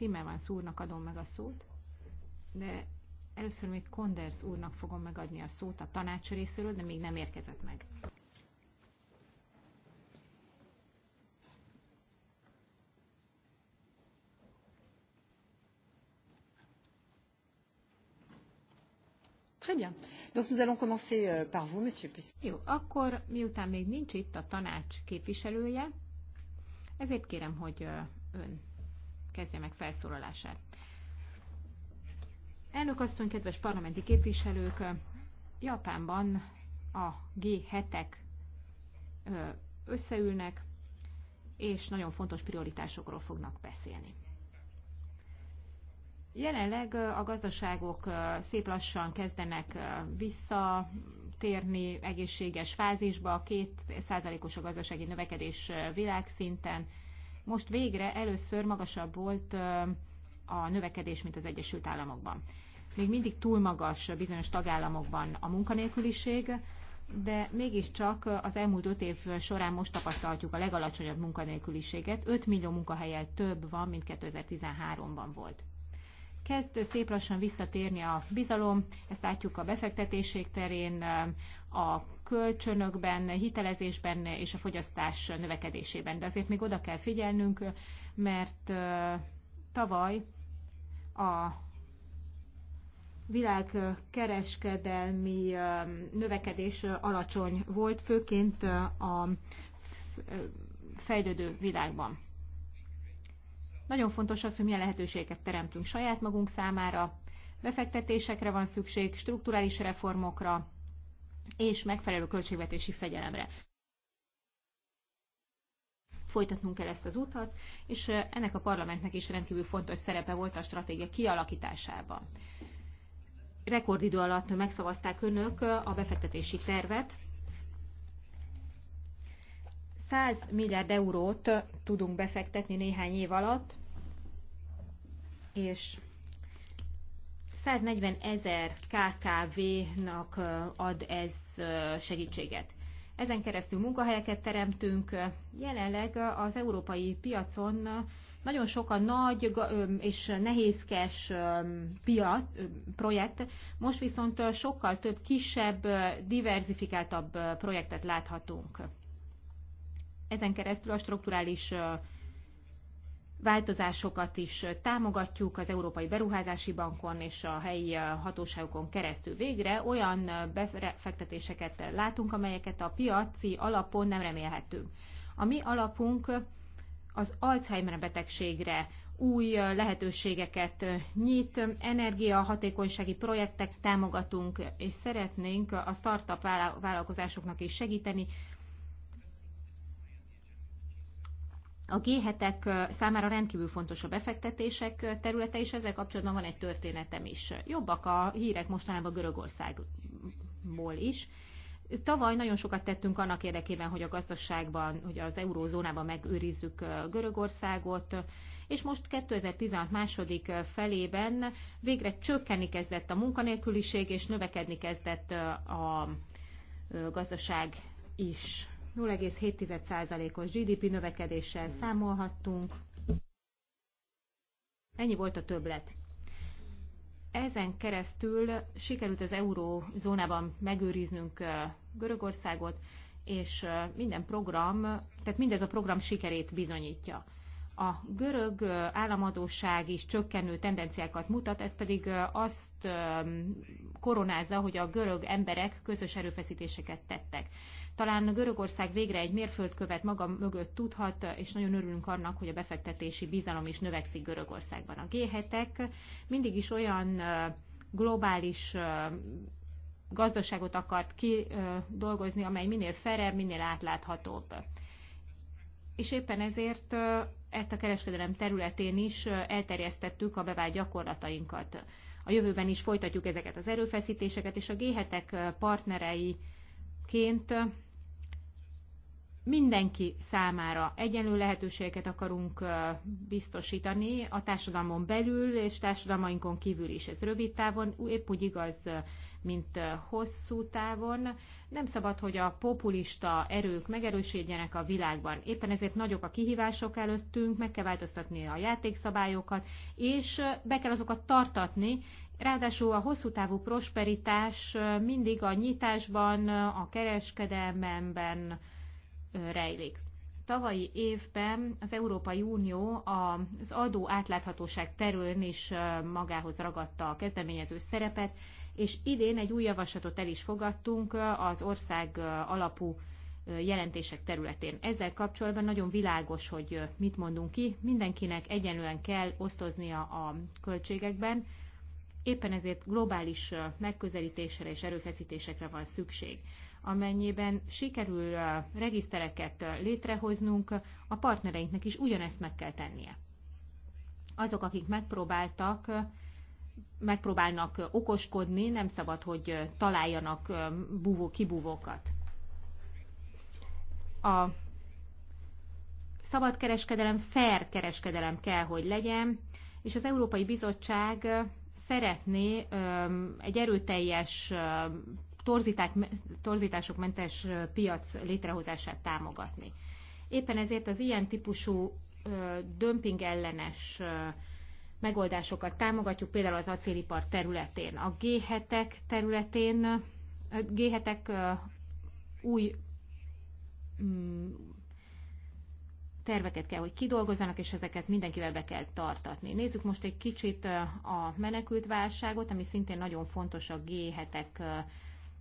Timmermans úrnak adom meg a szót, de először még Konders úrnak fogom megadni a szót a tanács részéről, de még nem érkezett meg. Très bien. Donc nous allons commencer euh, par vous, Monsieur Puissy. Jó, akkor miután még nincs itt a tanács képviselője, ezért kérem, hogy ön kezdje meg felszólalását. Elnök asszony, kedves parlamenti képviselők, Japánban a G7-ek összeülnek, és nagyon fontos prioritásokról fognak beszélni. Jelenleg a gazdaságok szép lassan kezdenek visszatérni egészséges fázisba, két os a gazdasági növekedés világszinten, most végre először magasabb volt a növekedés, mint az Egyesült Államokban. Még mindig túl magas bizonyos tagállamokban a munkanélküliség, de mégiscsak az elmúlt öt év során most tapasztaltjuk a legalacsonyabb munkanélküliséget. 5 millió munkahelyen több van, mint 2013-ban volt kezd szép lassan visszatérni a bizalom, ezt látjuk a befektetéség terén, a kölcsönökben, hitelezésben és a fogyasztás növekedésében. De azért még oda kell figyelnünk, mert tavaly a világkereskedelmi növekedés alacsony volt, főként a fejlődő világban. Nagyon fontos az, hogy milyen lehetőségeket teremtünk saját magunk számára, befektetésekre van szükség, strukturális reformokra és megfelelő költségvetési fegyelemre. Folytatnunk kell ezt az utat, és ennek a parlamentnek is rendkívül fontos szerepe volt a stratégia kialakításában. Rekordidő alatt megszavazták önök a befektetési tervet, 100 milliárd eurót tudunk befektetni néhány év alatt, és 140 ezer KKV-nak ad ez segítséget. Ezen keresztül munkahelyeket teremtünk. Jelenleg az európai piacon nagyon sok a nagy és nehézkes piac, projekt, most viszont sokkal több kisebb, diversifikáltabb projektet láthatunk. Ezen keresztül a strukturális változásokat is támogatjuk az Európai Beruházási Bankon és a helyi hatóságokon keresztül. Végre olyan befektetéseket látunk, amelyeket a piaci alapon nem remélhetünk. A mi alapunk az Alzheimer betegségre új lehetőségeket nyit, energiahatékonysági projektek támogatunk, és szeretnénk a startup vállalkozásoknak is segíteni, A g számára rendkívül fontos a befektetések területe, és ezzel kapcsolatban van egy történetem is. Jobbak a hírek mostanában Görögországból is. Tavaly nagyon sokat tettünk annak érdekében, hogy a gazdaságban, hogy az eurózónában megőrizzük Görögországot, és most 2016 második felében végre csökkenni kezdett a munkanélküliség, és növekedni kezdett a gazdaság is. 0,7%-os GDP növekedéssel számolhattunk. Ennyi volt a többlet. Ezen keresztül sikerült az eurózónában megőriznünk Görögországot, és minden program, tehát mindez a program sikerét bizonyítja. A görög államadóság is csökkenő tendenciákat mutat, ez pedig azt koronázza, hogy a görög emberek közös erőfeszítéseket tettek. Talán Görögország végre egy mérföldkövet maga mögött tudhat, és nagyon örülünk annak, hogy a befektetési bizalom is növekszik Görögországban. A g mindig is olyan globális gazdaságot akart kidolgozni, amely minél ferebb, minél átláthatóbb. És éppen ezért ezt a kereskedelem területén is elterjesztettük a bevált gyakorlatainkat. A jövőben is folytatjuk ezeket az erőfeszítéseket, és a g partnereiként mindenki számára egyenlő lehetőségeket akarunk biztosítani a társadalmon belül és társadalmainkon kívül is. Ez rövid távon épp úgy igaz mint hosszú távon. Nem szabad, hogy a populista erők megerősödjenek a világban. Éppen ezért nagyok a kihívások előttünk, meg kell változtatni a játékszabályokat, és be kell azokat tartatni, Ráadásul a hosszú távú prosperitás mindig a nyitásban, a kereskedelmemben rejlik. Tavalyi évben az Európai Unió az adó átláthatóság terülön is magához ragadta a kezdeményező szerepet, és idén egy új javaslatot el is fogadtunk az ország alapú jelentések területén. Ezzel kapcsolatban nagyon világos, hogy mit mondunk ki, mindenkinek egyenlően kell osztoznia a költségekben, éppen ezért globális megközelítésre és erőfeszítésekre van szükség. Amennyiben sikerül regisztereket létrehoznunk, a partnereinknek is ugyanezt meg kell tennie. Azok, akik megpróbáltak megpróbálnak okoskodni, nem szabad, hogy találjanak búvó kibúvókat. A szabad kereskedelem, fair kereskedelem kell, hogy legyen, és az Európai Bizottság szeretné egy erőteljes torzítások mentes piac létrehozását támogatni. Éppen ezért az ilyen típusú dömping ellenes megoldásokat támogatjuk, például az acélipar területén. A g területén, g új mm, terveket kell, hogy kidolgozzanak, és ezeket mindenkivel be kell tartatni. Nézzük most egy kicsit a menekült válságot, ami szintén nagyon fontos a g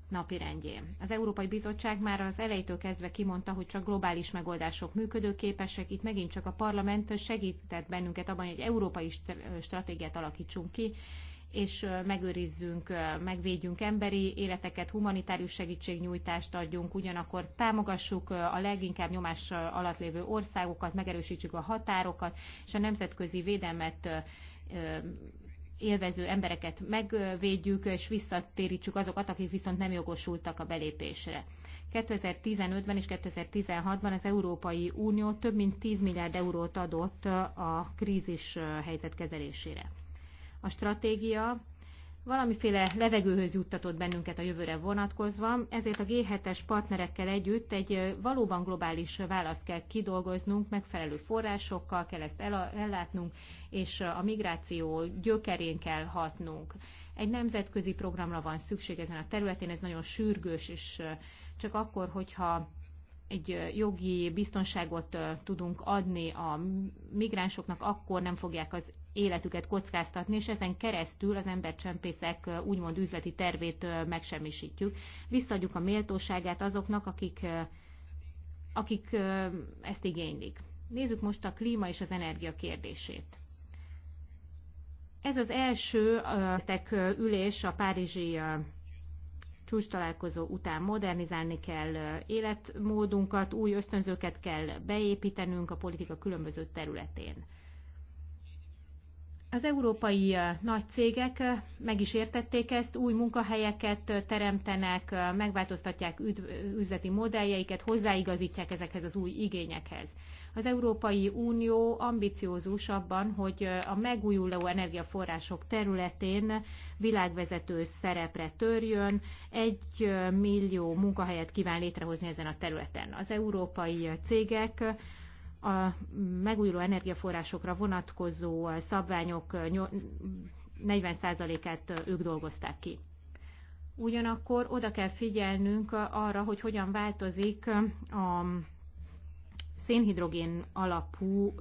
napirendjén. Az Európai Bizottság már az elejétől kezdve kimondta, hogy csak globális megoldások működőképesek. Itt megint csak a parlament segített bennünket abban, hogy egy európai stratégiát alakítsunk ki, és megőrizzünk, megvédjünk emberi életeket, humanitárius segítségnyújtást adjunk, ugyanakkor támogassuk a leginkább nyomás alatt lévő országokat, megerősítsük a határokat, és a nemzetközi védelmet élvező embereket megvédjük, és visszatérítsük azokat, akik viszont nem jogosultak a belépésre. 2015-ben és 2016-ban az Európai Unió több mint 10 milliárd eurót adott a krízis helyzet kezelésére. A stratégia valamiféle levegőhöz juttatott bennünket a jövőre vonatkozva, ezért a G7-es partnerekkel együtt egy valóban globális választ kell kidolgoznunk, megfelelő forrásokkal kell ezt ellátnunk, és a migráció gyökerén kell hatnunk. Egy nemzetközi programra van szükség ezen a területén, ez nagyon sürgős, és csak akkor, hogyha egy jogi biztonságot tudunk adni a migránsoknak, akkor nem fogják az életüket kockáztatni, és ezen keresztül az embercsempészek úgymond üzleti tervét megsemmisítjük. Visszadjuk a méltóságát azoknak, akik, akik ezt igénylik. Nézzük most a klíma és az energia kérdését. Ez az első tek ülés a Párizsi csúcs találkozó után modernizálni kell életmódunkat, új ösztönzőket kell beépítenünk a politika különböző területén. Az európai nagy cégek meg is értették ezt, új munkahelyeket teremtenek, megváltoztatják üzleti modelljeiket, hozzáigazítják ezekhez az új igényekhez. Az Európai Unió ambiciózus abban, hogy a megújuló energiaforrások területén világvezető szerepre törjön, egy millió munkahelyet kíván létrehozni ezen a területen. Az európai cégek a megújuló energiaforrásokra vonatkozó szabványok 40%-át ők dolgozták ki. Ugyanakkor oda kell figyelnünk arra, hogy hogyan változik a szénhidrogén alapú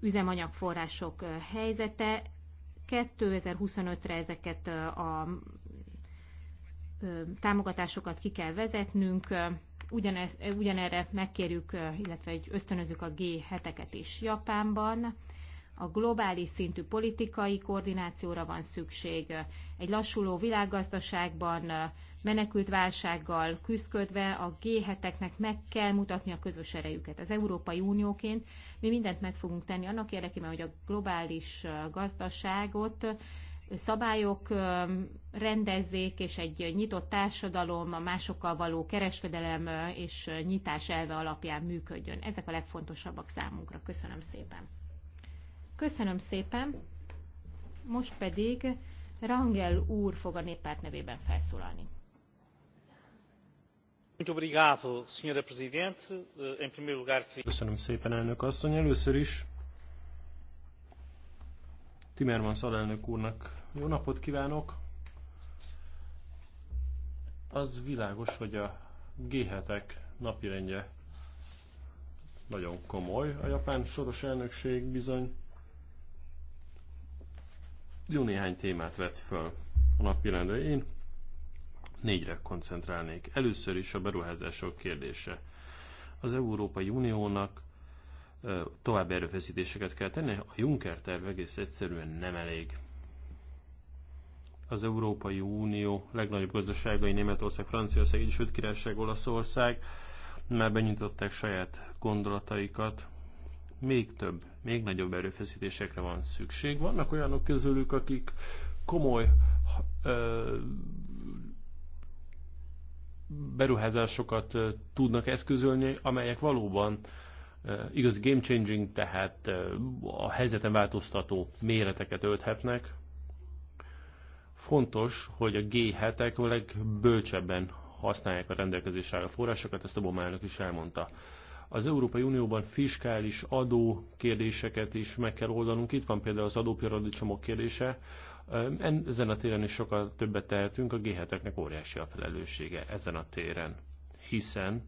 üzemanyagforrások helyzete. 2025-re ezeket a támogatásokat ki kell vezetnünk, ugyanez, ugyanerre megkérjük, illetve egy ösztönözzük a G7-eket is Japánban. A globális szintű politikai koordinációra van szükség. Egy lassuló világgazdaságban, menekült válsággal küzdködve a G7-eknek meg kell mutatni a közös erejüket. Az Európai Unióként mi mindent meg fogunk tenni annak érdekében, hogy a globális gazdaságot szabályok rendezzék, és egy nyitott társadalom a másokkal való kereskedelem és nyitás elve alapján működjön. Ezek a legfontosabbak számunkra. Köszönöm szépen. Köszönöm szépen. Most pedig Rangel úr fog a néppárt nevében felszólalni. Köszönöm szépen, elnök asszony. Először is Timmermans alelnök úrnak jó napot kívánok! Az világos, hogy a g 7 napirendje nagyon komoly. A japán soros elnökség bizony jó néhány témát vett föl a napirendre. Én négyre koncentrálnék. Először is a beruházások kérdése. Az Európai Uniónak további erőfeszítéseket kell tenni. A Juncker terv egész egyszerűen nem elég. Az Európai Unió legnagyobb gazdaságai Németország, Franciaország, Egyesült Királyság, Olaszország már benyitották saját gondolataikat. Még több, még nagyobb erőfeszítésekre van szükség. Vannak olyanok közülük, akik komoly ö, beruházásokat tudnak eszközölni, amelyek valóban Igaz game changing, tehát a helyzeten változtató méreteket ölthetnek. Fontos, hogy a G7-ek legbölcsebben használják a rendelkezésre álló forrásokat, ezt a Bomának is elmondta. Az Európai Unióban fiskális adó kérdéseket is meg kell oldanunk. Itt van például az adóparadicsomok kérdése. Ezen a téren is sokkal többet tehetünk, a g óriási a felelőssége ezen a téren. Hiszen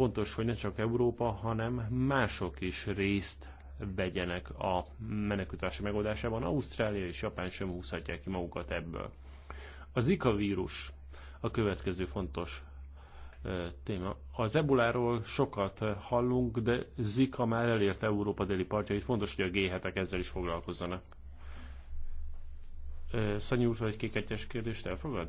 Fontos, hogy ne csak Európa, hanem mások is részt vegyenek a menekültási megoldásában. Ausztrália és Japán sem húzhatják ki magukat ebből. A Zika vírus a következő fontos téma. Az ebuláról sokat hallunk, de Zika már elérte Európa déli partjait. Fontos, hogy a G7-ek ezzel is foglalkozzanak. Szanyi úr, egy kékegyes kérdést elfogad?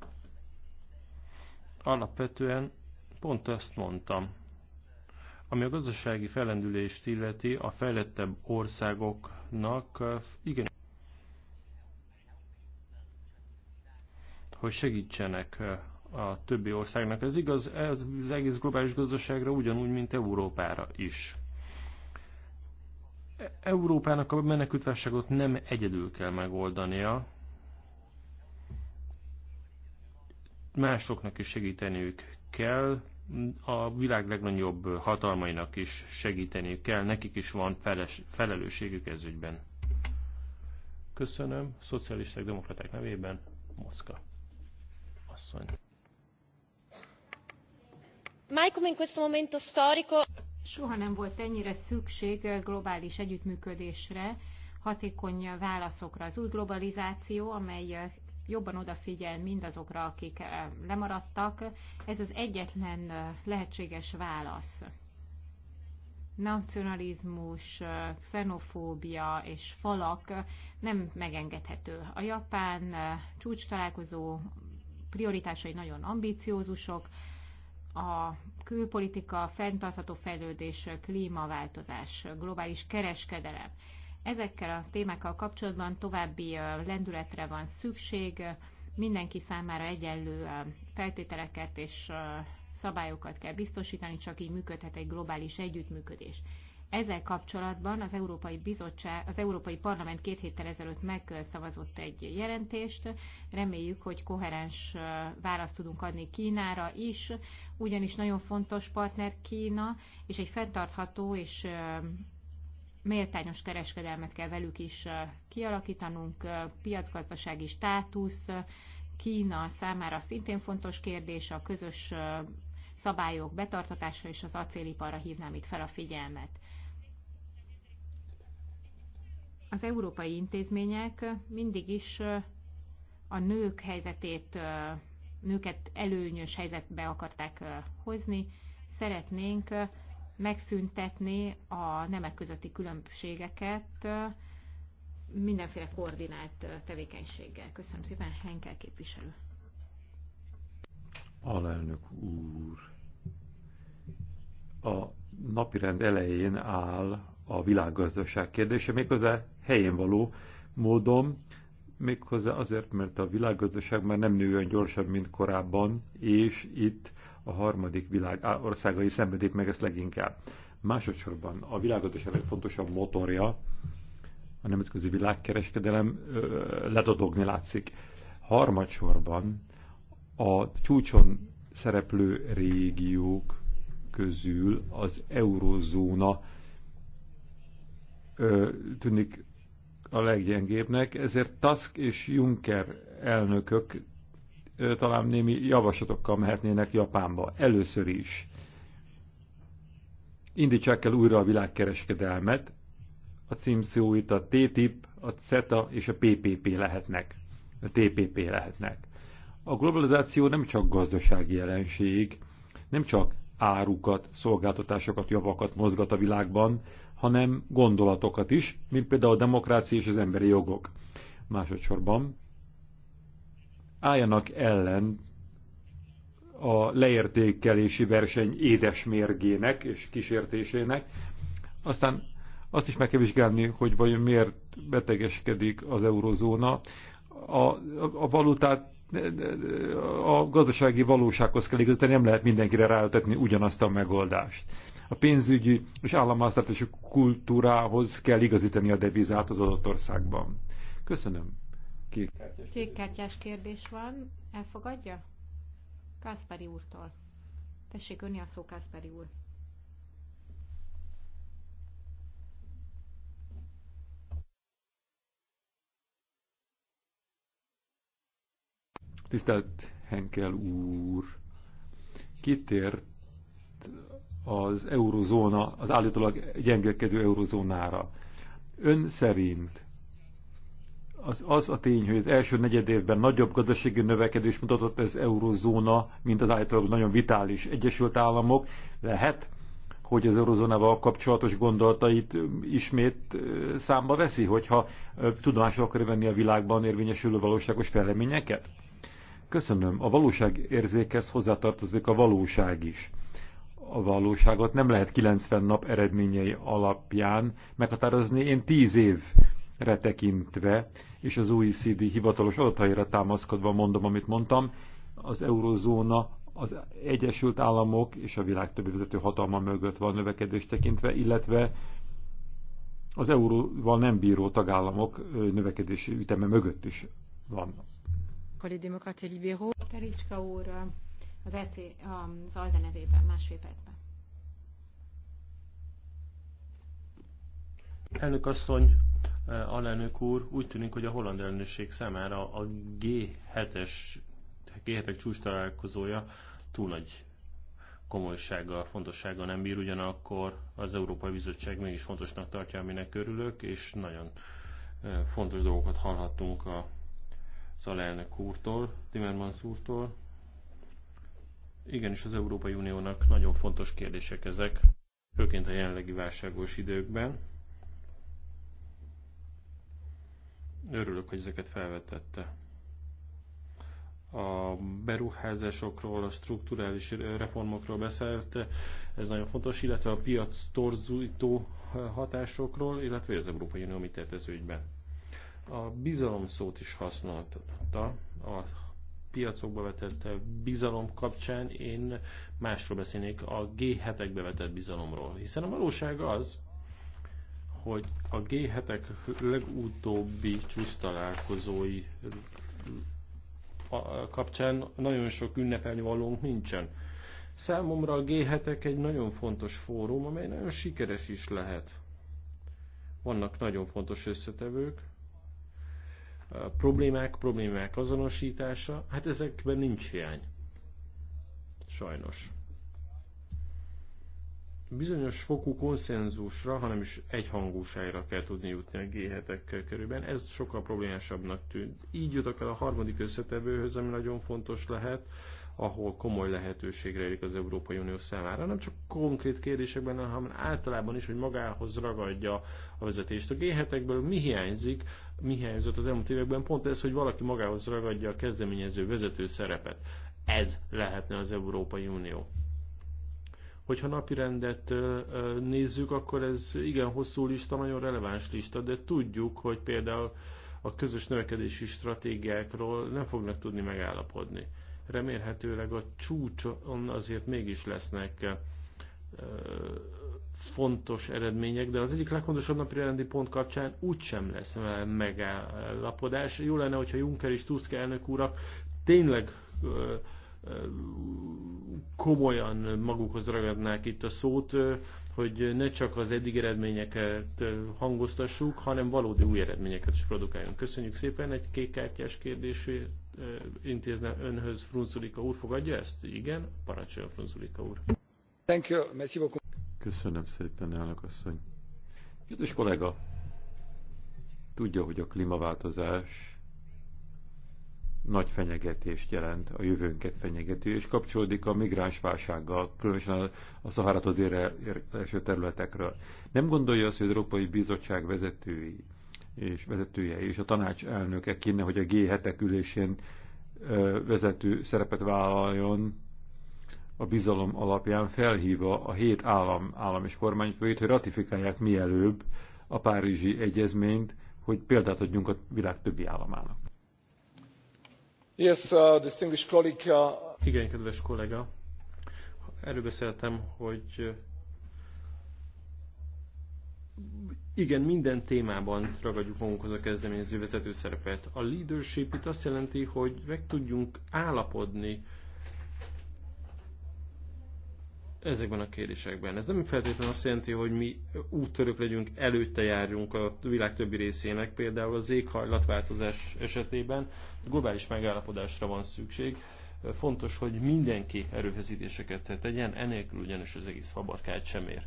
Alapvetően pont ezt mondtam. Ami a gazdasági felendülést illeti, a fejlettebb országoknak eh, igen, hogy segítsenek eh, a többi országnak. Ez igaz, ez az egész globális gazdaságra ugyanúgy, mint Európára is. Európának a menekültválságot nem egyedül kell megoldania, másoknak is segíteniük kell, a világ legnagyobb hatalmainak is segíteniük kell, nekik is van feles, felelősségük ez ügyben. Köszönöm, szocialisták, demokraták nevében, Moszka asszony. Michael, in questo momento storico... Soha nem volt ennyire szükség globális együttműködésre, hatékony válaszokra. Az új globalizáció, amely jobban odafigyel mindazokra, akik eh, lemaradtak. Ez az egyetlen eh, lehetséges válasz. Nacionalizmus, eh, xenofóbia és falak nem megengedhető. A japán csúcs találkozó prioritásai nagyon ambiciózusok, a külpolitika, fenntartható fejlődés, klímaváltozás, globális kereskedelem. Ezekkel a témákkal kapcsolatban további lendületre van szükség, mindenki számára egyenlő feltételeket és szabályokat kell biztosítani, csak így működhet egy globális együttműködés. Ezzel kapcsolatban az Európai, Bizottság, az Európai Parlament két héttel ezelőtt megszavazott egy jelentést. Reméljük, hogy koherens választ tudunk adni Kínára is, ugyanis nagyon fontos partner Kína, és egy fenntartható és méltányos kereskedelmet kell velük is kialakítanunk, piacgazdasági státusz, Kína számára szintén fontos kérdés, a közös szabályok betartatása és az acéliparra hívnám itt fel a figyelmet. Az európai intézmények mindig is a nők helyzetét, nőket előnyös helyzetbe akarták hozni. Szeretnénk megszüntetni a nemek közötti különbségeket mindenféle koordinált tevékenységgel. Köszönöm szépen, Henkel képviselő. Alelnök úr, a napirend elején áll a világgazdaság kérdése, méghozzá helyén való módon, méghozzá azért, mert a világgazdaság már nem nő olyan gyorsabb, mint korábban, és itt a harmadik világ országai szenvedik meg ezt leginkább. Másodszorban a világgazdaság legfontosabb motorja, a nemzetközi világkereskedelem ledodogni látszik. Harmadsorban a csúcson szereplő régiók közül az eurozóna tűnik a leggyengébbnek, ezért Tusk és Juncker elnökök talán némi javaslatokkal mehetnének Japánba. Először is indítsák el újra a világkereskedelmet. A szó itt a TTIP, a CETA és a PPP lehetnek. A TPP lehetnek. A globalizáció nem csak gazdasági jelenség, nem csak árukat, szolgáltatásokat, javakat mozgat a világban, hanem gondolatokat is, mint például a demokrácia és az emberi jogok. Másodszorban álljanak ellen a leértékelési verseny mérgének és kísértésének. Aztán azt is meg kell vizsgálni, hogy vajon miért betegeskedik az eurozóna. A, a, a valutát a gazdasági valósághoz kell igazítani, nem lehet mindenkire ráültetni ugyanazt a megoldást. A pénzügyi és államháztartási kultúrához kell igazítani a devizát az adott országban. Köszönöm. Kékkártyás, Kékkártyás kérdés van. Elfogadja? Kászperi úrtól. Tessék önni a szó, Kászperi úr. Tisztelt Henkel úr, kitért az eurozóna, az állítólag gyengekedő eurozónára. Ön szerint az, az a tény, hogy az első negyed évben nagyobb gazdasági növekedés mutatott ez eurozóna, mint az általában nagyon vitális Egyesült Államok, lehet, hogy az eurozónával kapcsolatos gondolatait ismét számba veszi, hogyha tudomásra akarja venni a világban érvényesülő valóságos fejleményeket? Köszönöm. A valóság érzékhez hozzátartozik a valóság is. A valóságot nem lehet 90 nap eredményei alapján meghatározni. Én 10 év retekintve, és az OECD hivatalos adataira támaszkodva mondom, amit mondtam, az eurozóna az Egyesült Államok és a világ többi vezető hatalma mögött van növekedést tekintve, illetve az euróval nem bíró tagállamok növekedési üteme mögött is vannak. Tericska úr az, EC, az ALDE nevében másfél percben. Elnök asszony, Eh, alelnök úr, úgy tűnik, hogy a holland elnökség számára a G7-es G7 csúcs találkozója túl nagy komolysággal, fontossággal nem bír, ugyanakkor az Európai Bizottság mégis fontosnak tartja, aminek örülök, és nagyon eh, fontos dolgokat hallhattunk a alelnök úrtól, Timmermans úrtól. Igenis, az Európai Uniónak nagyon fontos kérdések ezek, főként a jelenlegi válságos időkben Örülök, hogy ezeket felvetette. A beruházásokról, a strukturális reformokról beszélt, ez nagyon fontos, illetve a piac torzító hatásokról, illetve az Európai Unió mit tett ez ügyben. A bizalom szót is használta a piacokba vetett bizalom kapcsán én másról beszélnék, a G7-ekbe vetett bizalomról. Hiszen a valóság az, hogy a G7-ek legutóbbi csúcs kapcsán nagyon sok ünnepelni nincsen. Számomra a G7-ek egy nagyon fontos fórum, amely nagyon sikeres is lehet. Vannak nagyon fontos összetevők, problémák, problémák azonosítása, hát ezekben nincs hiány. Sajnos bizonyos fokú konszenzusra, hanem is egyhangúságra kell tudni jutni a G7-ekkel körülben. Ez sokkal problémásabbnak tűnt. Így jutok el a harmadik összetevőhöz, ami nagyon fontos lehet, ahol komoly lehetőségre érik az Európai Unió számára. Nem csak konkrét kérdésekben, hanem általában is, hogy magához ragadja a vezetést. A G7-ekből mi hiányzik, mi hiányzott az elmúlt években? Pont ez, hogy valaki magához ragadja a kezdeményező vezető szerepet. Ez lehetne az Európai Unió. Hogyha napirendet nézzük, akkor ez igen hosszú lista, nagyon releváns lista, de tudjuk, hogy például a közös növekedési stratégiákról nem fognak tudni megállapodni. Remélhetőleg a csúcson azért mégis lesznek fontos eredmények, de az egyik legfontosabb napi rendi pont kapcsán úgysem lesz megállapodás. Jó lenne, hogyha Juncker és Tusk elnök úrak tényleg komolyan magukhoz ragadnák itt a szót, hogy ne csak az eddig eredményeket hangoztassuk, hanem valódi új eredményeket is produkáljunk. Köszönjük szépen, egy kékkártyás kérdését intézne önhöz Frunzulika úr. Fogadja ezt? Igen, parancsoljon Frunzulika úr. Thank you. Merci beaucoup. Köszönöm szépen, elnök asszony. Kedves kollega, tudja, hogy a klímaváltozás nagy fenyegetést jelent, a jövőnket fenyegető, és kapcsolódik a migránsválsággal, különösen a Szaharától délre eső területekről. Nem gondolja azt, hogy az Európai Bizottság vezetői és vezetője és a tanács elnöke kéne, hogy a g 7 ülésén vezető szerepet vállaljon a bizalom alapján felhívva a hét állam, állam és kormányfőjét, hogy ratifikálják mielőbb a Párizsi Egyezményt, hogy példát adjunk a világ többi államának. Uh, uh, igen, kedves kollega. Erről beszéltem, hogy uh, igen, minden témában ragadjuk magunkhoz a kezdeményező vezető szerepet. A leadership itt azt jelenti, hogy meg tudjunk állapodni ezekben a kérdésekben. Ez nem feltétlenül azt jelenti, hogy mi úttörők legyünk, előtte járjunk a világ többi részének, például az éghajlatváltozás esetében globális megállapodásra van szükség. Fontos, hogy mindenki erőfeszítéseket tegyen, enélkül ugyanis az egész fabarkát sem ér.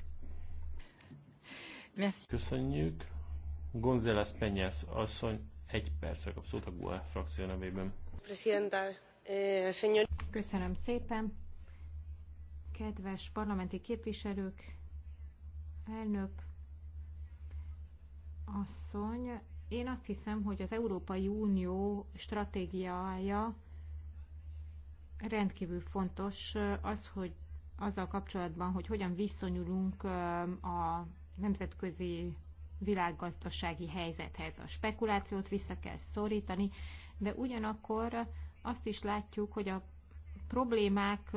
Merci. Köszönjük. González Penyász asszony egy percre kap szót a GUA frakció nevében. Eh, Köszönöm szépen kedves parlamenti képviselők, elnök, asszony, én azt hiszem, hogy az Európai Unió stratégiája rendkívül fontos az, hogy azzal kapcsolatban, hogy hogyan viszonyulunk a nemzetközi világgazdasági helyzethez. A spekulációt vissza kell szorítani, de ugyanakkor azt is látjuk, hogy a problémák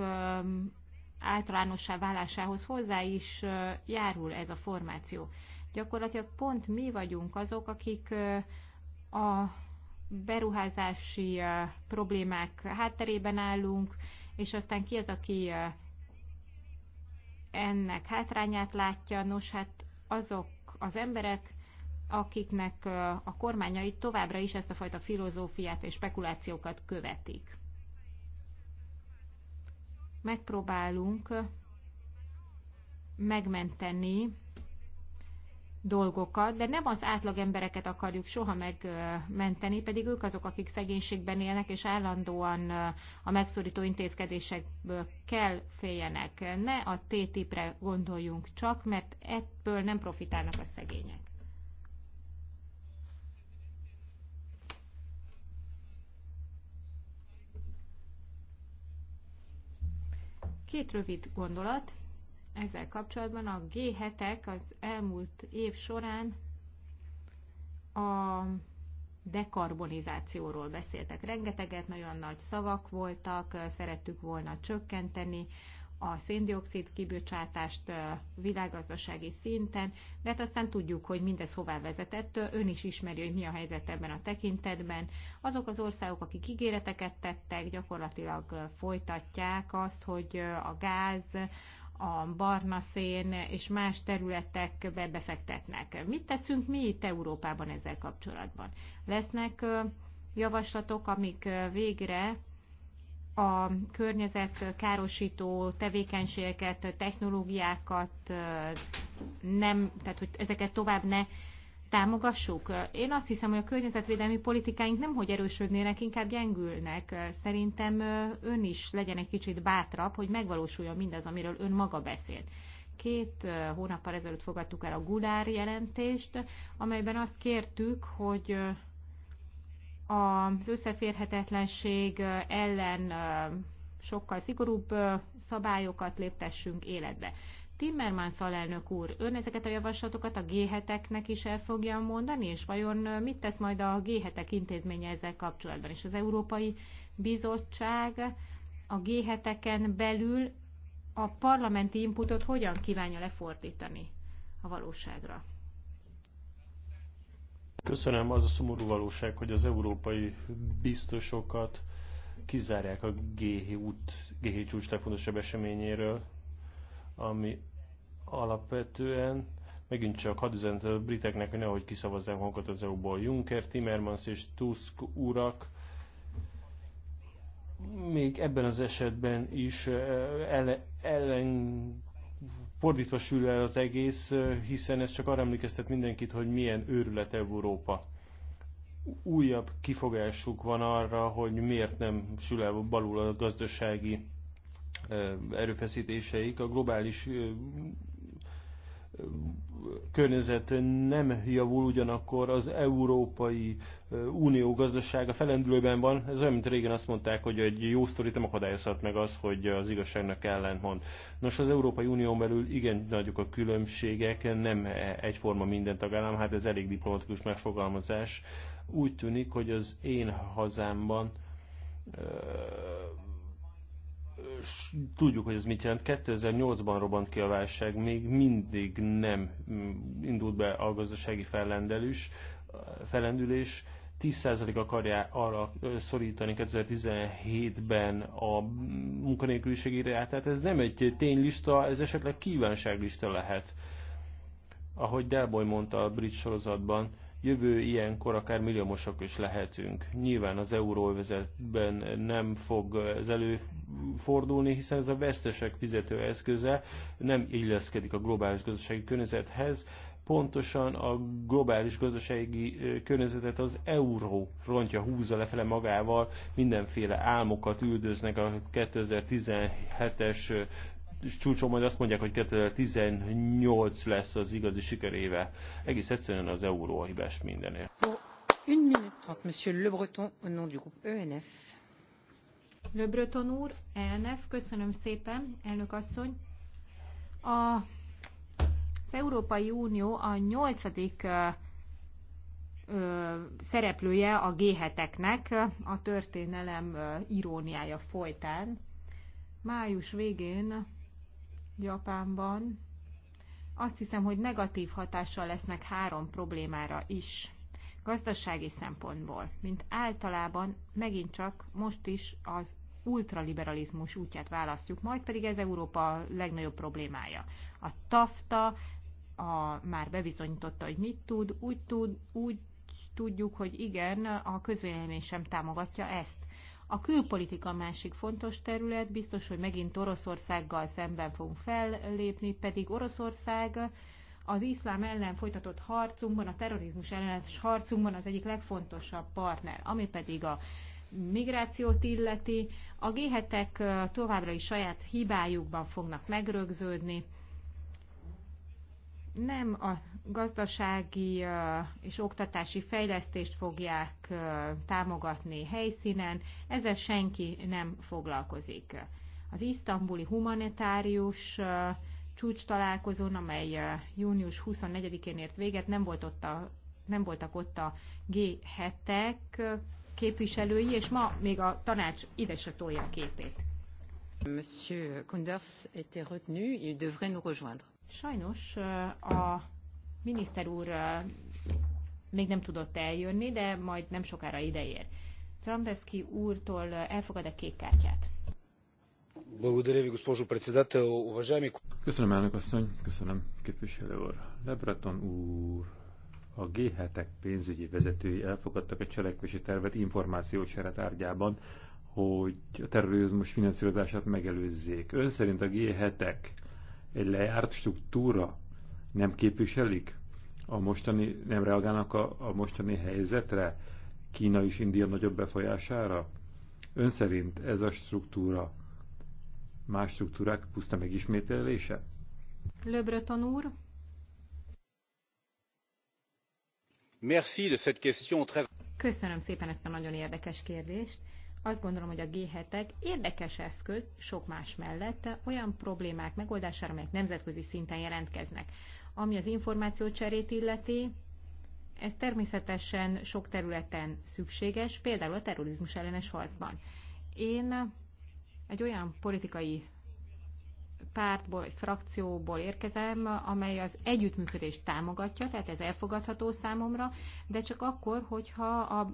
általánossá válásához hozzá is járul ez a formáció. Gyakorlatilag pont mi vagyunk azok, akik a beruházási problémák hátterében állunk, és aztán ki az, aki ennek hátrányát látja, nos hát azok az emberek, akiknek a kormányai továbbra is ezt a fajta filozófiát és spekulációkat követik megpróbálunk megmenteni dolgokat, de nem az átlag embereket akarjuk soha megmenteni, pedig ők azok, akik szegénységben élnek, és állandóan a megszorító intézkedésekből kell féljenek. Ne a TTIP-re gondoljunk csak, mert ebből nem profitálnak a szegények. Két rövid gondolat ezzel kapcsolatban. A G7-ek az elmúlt év során a dekarbonizációról beszéltek rengeteget, nagyon nagy szavak voltak, szerettük volna csökkenteni a széndiokszid kibocsátást világgazdasági szinten, de hát aztán tudjuk, hogy mindez hová vezetett. Ön is ismeri, hogy mi a helyzet ebben a tekintetben. Azok az országok, akik ígéreteket tettek, gyakorlatilag folytatják azt, hogy a gáz, a barna szén és más területekbe befektetnek. Mit teszünk mi itt Európában ezzel kapcsolatban? Lesznek javaslatok, amik végre a környezet károsító tevékenységeket, technológiákat nem, tehát hogy ezeket tovább ne támogassuk. Én azt hiszem, hogy a környezetvédelmi politikáink nem hogy erősödnének, inkább gyengülnek. Szerintem ön is legyen egy kicsit bátrabb, hogy megvalósuljon mindaz, amiről ön maga beszélt. Két hónappal ezelőtt fogadtuk el a Gulár jelentést, amelyben azt kértük, hogy az összeférhetetlenség ellen sokkal szigorúbb szabályokat léptessünk életbe. Timmermans alelnök úr, ön ezeket a javaslatokat a g is el fogja mondani, és vajon mit tesz majd a g intézménye ezzel kapcsolatban? És az Európai Bizottság a g belül a parlamenti inputot hogyan kívánja lefordítani a valóságra? Köszönöm, az a szomorú valóság, hogy az európai biztosokat kizárják a G7, G7 csúcs legfontosabb eseményéről, ami alapvetően megint csak hadüzenet a briteknek, hogy nehogy kiszavazzák magukat az EU-ból. Juncker, Timmermans és Tusk urak még ebben az esetben is eh, ellen, ellen fordítva sül el az egész, hiszen ez csak arra emlékeztet mindenkit, hogy milyen őrület Európa. Újabb kifogásuk van arra, hogy miért nem sül el balul a gazdasági erőfeszítéseik. A globális környezet nem javul, ugyanakkor az Európai Unió gazdasága felendülőben van. Ez olyan, mint régen azt mondták, hogy egy jó sztorit nem akadályozhat meg az, hogy az igazságnak ellentmond. Nos, az Európai Unión belül igen nagyok a különbségek, nem e- egyforma minden tagállam, hát ez elég diplomatikus megfogalmazás. Úgy tűnik, hogy az én hazámban tudjuk, hogy ez mit jelent. 2008-ban robbant ki a válság, még mindig nem mm, indult be a gazdasági fellendelés, fellendülés. 10% akarja arra szorítani 2017-ben a munkanélküliségére, tehát hát ez nem egy ténylista, ez esetleg kívánságlista lehet. Ahogy Delboy mondta a brit sorozatban, jövő ilyenkor akár milliómosok is lehetünk. Nyilván az euróvezetben nem fog ez előfordulni, hiszen ez a vesztesek fizető eszköze nem illeszkedik a globális gazdasági környezethez, pontosan a globális gazdasági környezetet az euró frontja húzza lefele magával, mindenféle álmokat üldöznek a 2017-es csúcson majd azt mondják, hogy 2018 lesz az igazi sikeréve. Egész egyszerűen az euró a hibás mindenért. Une minute trente, Monsieur Le Breton, au nom du groupe ENF. Le Breton úr, ENF, köszönöm szépen, elnök asszony. A, az Európai Unió a nyolcadik szereplője a g a történelem ö, iróniája folytán. Május végén Japánban, azt hiszem, hogy negatív hatással lesznek három problémára is. Gazdasági szempontból, mint általában megint csak most is az ultraliberalizmus útját választjuk, majd pedig ez Európa legnagyobb problémája. A TAFTA a, már bebizonyította, hogy mit tud, úgy, tud, úgy tudjuk, hogy igen, a közvélemény sem támogatja ezt. A külpolitika másik fontos terület, biztos, hogy megint Oroszországgal szemben fogunk fellépni, pedig Oroszország az iszlám ellen folytatott harcunkban, a terrorizmus ellenes harcunkban az egyik legfontosabb partner, ami pedig a migrációt illeti. A géhetek továbbra is saját hibájukban fognak megrögződni, nem a gazdasági és oktatási fejlesztést fogják támogatni helyszínen, ezzel senki nem foglalkozik. Az isztambuli humanitárius csúcs találkozón, amely június 24-én ért véget, nem, volt ott a, nem voltak ott a G7-ek képviselői, és ma még a tanács ide se tolja a képét. Monsieur Kunders était retenu, il devrait nous rejoindre. Sajnos a miniszter úr még nem tudott eljönni, de majd nem sokára ideér. Trambevski úrtól elfogad a kék kártyát. Köszönöm, elnök asszony, köszönöm, képviselő úr. Lebreton úr, a g 7 pénzügyi vezetői elfogadtak egy cselekvési tervet információcsere tárgyában, hogy a terrorizmus finanszírozását megelőzzék. Ön szerint a G7-ek egy leárt struktúra? Nem képviselik? A mostani, nem reagálnak a, a mostani helyzetre? Kína és India nagyobb befolyására? Ön szerint ez a struktúra más struktúrák puszta megismételése? Löbröton úr. Merci de cette question très... Köszönöm szépen ezt a nagyon érdekes kérdést azt gondolom, hogy a G7-ek érdekes eszköz sok más mellett olyan problémák megoldására, amelyek nemzetközi szinten jelentkeznek. Ami az információcserét illeti, ez természetesen sok területen szükséges, például a terrorizmus ellenes harcban. Én egy olyan politikai pártból, vagy frakcióból érkezem, amely az együttműködést támogatja, tehát ez elfogadható számomra, de csak akkor, hogyha a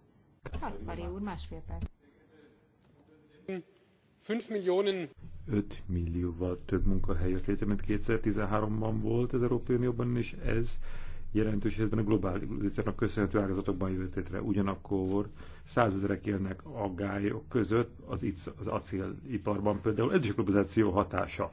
5 millióval több munkahelyet létre, mint 2013-ban volt az Európai Unióban, és ez jelentős részben a globalizációnak köszönhető ágazatokban jött létre. Ugyanakkor százezerek élnek aggályok között az, az acéliparban például. Ez is a globalizáció hatása.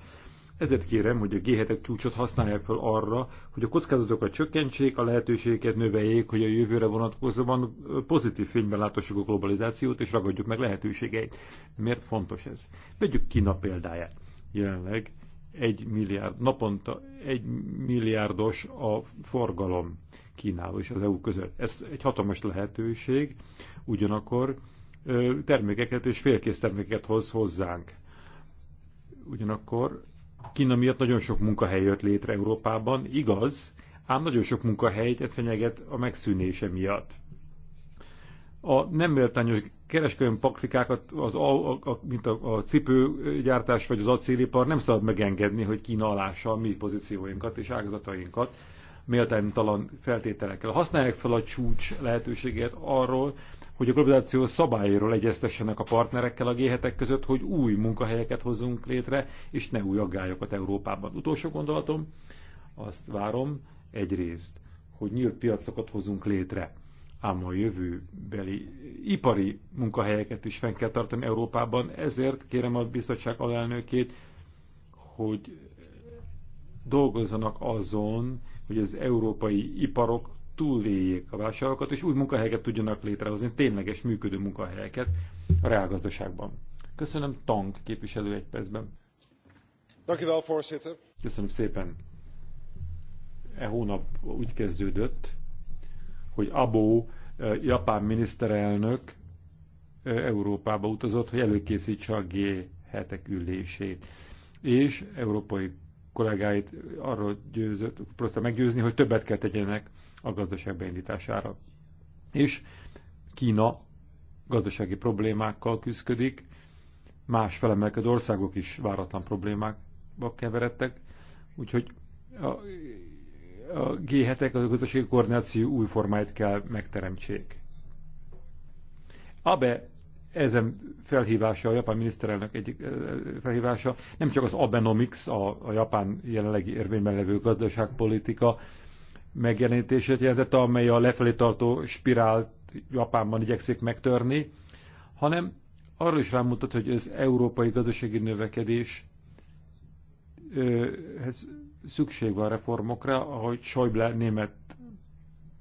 Ezért kérem, hogy a g 7 csúcsot használják fel arra, hogy a kockázatokat csökkentsék, a lehetőségeket növeljék, hogy a jövőre vonatkozóan pozitív fényben látossuk a globalizációt, és ragadjuk meg lehetőségeit. Miért fontos ez? Vegyük Kína példáját. Jelenleg egy milliárd, naponta egy milliárdos a forgalom Kínával és az EU között. Ez egy hatalmas lehetőség, ugyanakkor termékeket és félkész termékeket hoz hozzánk. Ugyanakkor Kína miatt nagyon sok munkahely jött létre Európában, igaz, ám nagyon sok munkahelyet fenyeget a megszűnése miatt. A nem méltányos kereskedelmi praktikákat, az, a, a, a, mint a, a cipőgyártás vagy az acélipar nem szabad megengedni, hogy Kína alássa a mi pozícióinkat és ágazatainkat méltánytalan feltételekkel. Használják fel a csúcs lehetőséget arról, hogy a globalizáció szabályról egyeztessenek a partnerekkel a g között, hogy új munkahelyeket hozzunk létre, és ne új aggályokat Európában. Utolsó gondolatom, azt várom egyrészt, hogy nyílt piacokat hozunk létre, ám a jövőbeli ipari munkahelyeket is fenn kell tartani Európában, ezért kérem a bizottság alelnökét, hogy dolgozzanak azon, hogy az európai iparok túlvéljék a válságokat, és új munkahelyeket tudjanak létrehozni, tényleges működő munkahelyeket a reálgazdaságban. Köszönöm, Tank képviselő egy percben. Köszönöm szépen. E hónap úgy kezdődött, hogy Abó e, japán miniszterelnök e, Európába utazott, hogy előkészítse a G7-ek ülését. És európai kollégáit arról győzött, próbálta meggyőzni, hogy többet kell tegyenek a gazdaság beindítására. És Kína gazdasági problémákkal küzdik, más felemelkedő országok is váratlan problémákba keveredtek, úgyhogy a, a G7-ek, a gazdasági koordináció új formáit kell megteremtsék. Abe ezen felhívása, a japán miniszterelnök egyik felhívása nem csak az Abenomics, a, a japán jelenlegi érvényben levő gazdaságpolitika megjelenítését jelentette, amely a lefelé tartó spirált Japánban igyekszik megtörni, hanem arra is rámutat, hogy az európai gazdasági növekedés ez szükség van reformokra, ahogy Schäuble német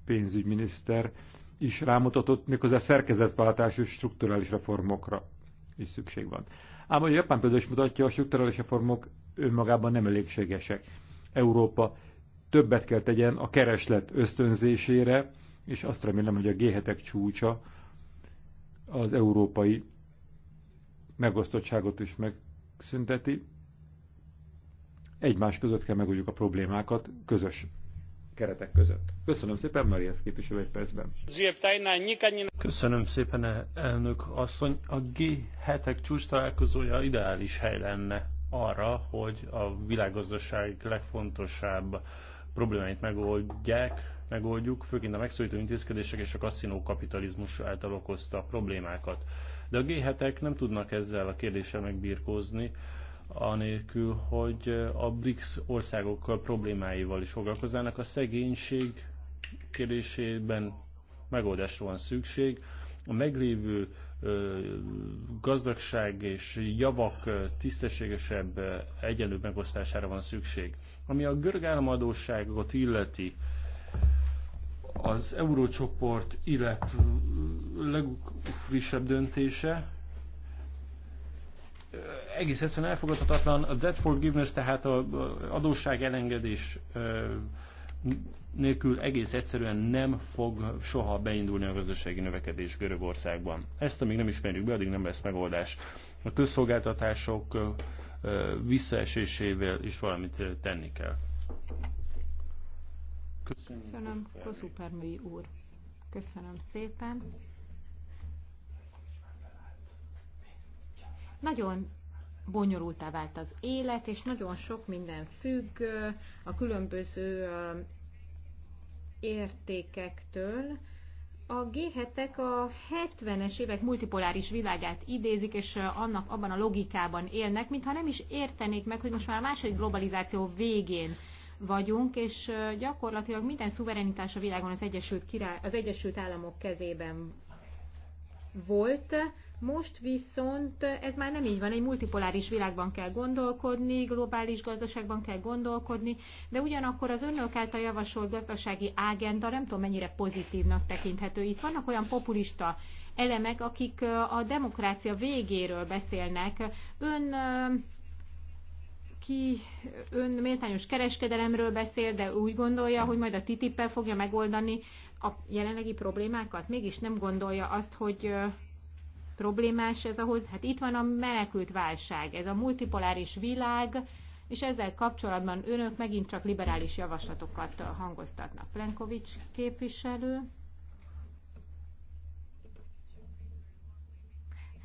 pénzügyminiszter is rámutatott, méghozzá szerkezetváltás és strukturális reformokra is szükség van. Ám a Japán például is mutatja, a strukturális reformok önmagában nem elégségesek. Európa többet kell tegyen a kereslet ösztönzésére, és azt remélem, hogy a g csúcsa az európai megosztottságot is megszünteti. Egymás között kell megoldjuk a problémákat, közös keretek között. Köszönöm szépen, Marias képviselő egy percben. Köszönöm szépen, elnök asszony. A g 7 csúcs találkozója ideális hely lenne arra, hogy a világgazdaság legfontosabb problémáit megoldják, megoldjuk, főként a megszólító intézkedések és a kaszinó kapitalizmus által okozta problémákat. De a G7-ek nem tudnak ezzel a kérdéssel megbírkozni, anélkül, hogy a BRICS országok problémáival is foglalkoznának. A szegénység kérdésében megoldásra van szükség. A meglévő gazdagság és javak tisztességesebb, egyenlő megosztására van szükség. Ami a görög államadóságot illeti, az eurócsoport illet legfrissebb döntése egész egyszerűen elfogadhatatlan. A debt forgiveness, tehát a adósság elengedés nélkül egész egyszerűen nem fog soha beindulni a gazdasági növekedés Görögországban. Ezt amíg nem ismerjük be, addig nem lesz megoldás. A közszolgáltatások visszaesésével is valamit tenni kell. Köszönöm, Köszönöm Koszúpermői úr. Köszönöm szépen. Nagyon bonyolultá vált az élet, és nagyon sok minden függ a különböző értékektől. A g a 70-es évek multipoláris világát idézik, és annak abban a logikában élnek, mintha nem is értenék meg, hogy most már a második globalizáció végén vagyunk, és gyakorlatilag minden szuverenitás a világon az Egyesült, király, az Egyesült Államok kezében volt, most viszont ez már nem így van, egy multipoláris világban kell gondolkodni, globális gazdaságban kell gondolkodni, de ugyanakkor az önök által javasolt gazdasági ágenda nem tudom mennyire pozitívnak tekinthető. Itt vannak olyan populista elemek, akik eh, a demokrácia végéről beszélnek. Ön eh, ki ön méltányos kereskedelemről beszél, de úgy gondolja, hogy majd a TTIP-el fogja megoldani a jelenlegi problémákat, mégis nem gondolja azt, hogy eh, problémás ez ahhoz, hát itt van a menekült válság, ez a multipoláris világ, és ezzel kapcsolatban önök megint csak liberális javaslatokat hangoztatnak. Plenkovics képviselő.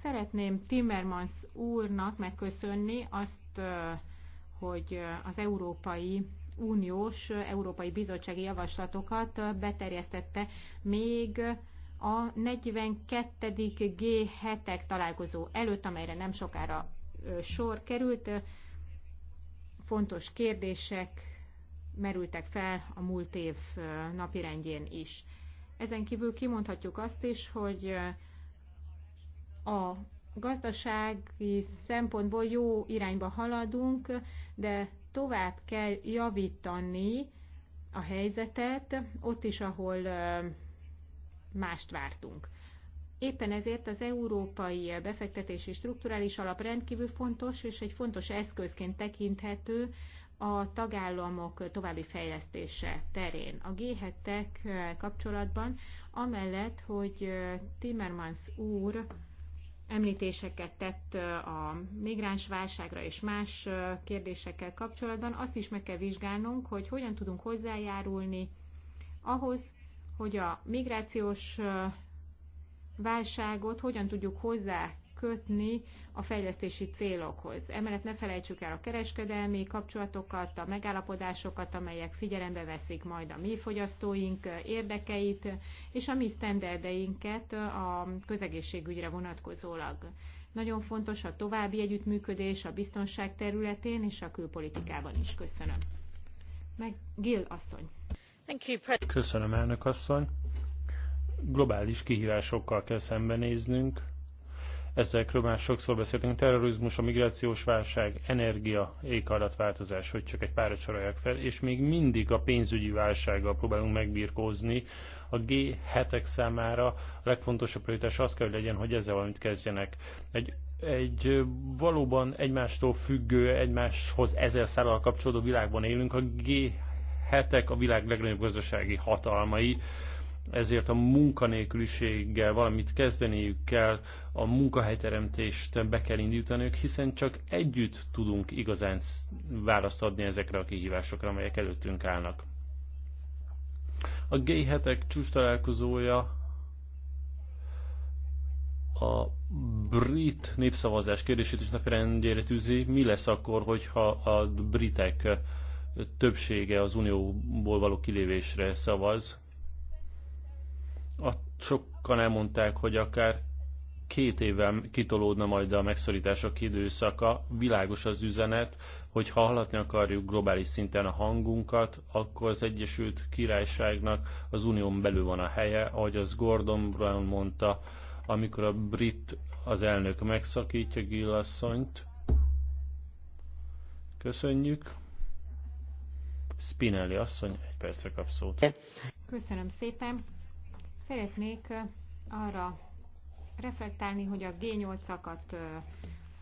Szeretném Timmermans úrnak megköszönni azt, hogy az Európai Uniós, Európai Bizottsági javaslatokat beterjesztette még a 42. G7-ek találkozó előtt, amelyre nem sokára sor került, fontos kérdések merültek fel a múlt év napirendjén is. Ezen kívül kimondhatjuk azt is, hogy a gazdasági szempontból jó irányba haladunk, de tovább kell javítani a helyzetet, ott is, ahol mást vártunk. Éppen ezért az Európai Befektetési Strukturális Alap rendkívül fontos, és egy fontos eszközként tekinthető a tagállamok további fejlesztése terén. A g kapcsolatban, amellett, hogy Timmermans úr említéseket tett a migráns válságra és más kérdésekkel kapcsolatban, azt is meg kell vizsgálnunk, hogy hogyan tudunk hozzájárulni ahhoz, hogy a migrációs válságot hogyan tudjuk hozzá kötni a fejlesztési célokhoz. Emellett ne felejtsük el a kereskedelmi kapcsolatokat, a megállapodásokat, amelyek figyelembe veszik majd a mi fogyasztóink érdekeit, és a mi sztenderdeinket a közegészségügyre vonatkozólag. Nagyon fontos a további együttműködés a biztonság területén és a külpolitikában is. Köszönöm. Meg Gil asszony. Köszönöm, elnök asszony. Globális kihívásokkal kell szembenéznünk. Ezekről már sokszor beszéltünk. Terrorizmus, a migrációs válság, energia, éghajlatváltozás, hogy csak egy párat soroljak fel, és még mindig a pénzügyi válsággal próbálunk megbirkózni. A G7-ek számára a legfontosabb prioritás az kell, hogy legyen, hogy ezzel valamit kezdjenek. Egy egy valóban egymástól függő, egymáshoz ezer szállal kapcsolódó világban élünk. A G hetek a világ legnagyobb gazdasági hatalmai, ezért a munkanélküliséggel valamit kezdeniük kell, a munkahelyteremtést be kell indítaniuk, hiszen csak együtt tudunk igazán választ adni ezekre a kihívásokra, amelyek előttünk állnak. A g hetek csúcs találkozója a brit népszavazás kérdését is napirendjére tűzi, mi lesz akkor, hogyha a britek többsége az unióból való kilévésre szavaz. A, sokan elmondták, hogy akár két évvel kitolódna majd a megszorítások időszaka. Világos az üzenet, hogy ha hallatni akarjuk globális szinten a hangunkat, akkor az Egyesült Királyságnak az unión belül van a helye, ahogy az Gordon Brown mondta, amikor a brit az elnök megszakítja Gillasszonyt. Köszönjük! Spinelli asszony, egy percre kap szót. Köszönöm szépen. Szeretnék arra reflektálni, hogy a G8-akat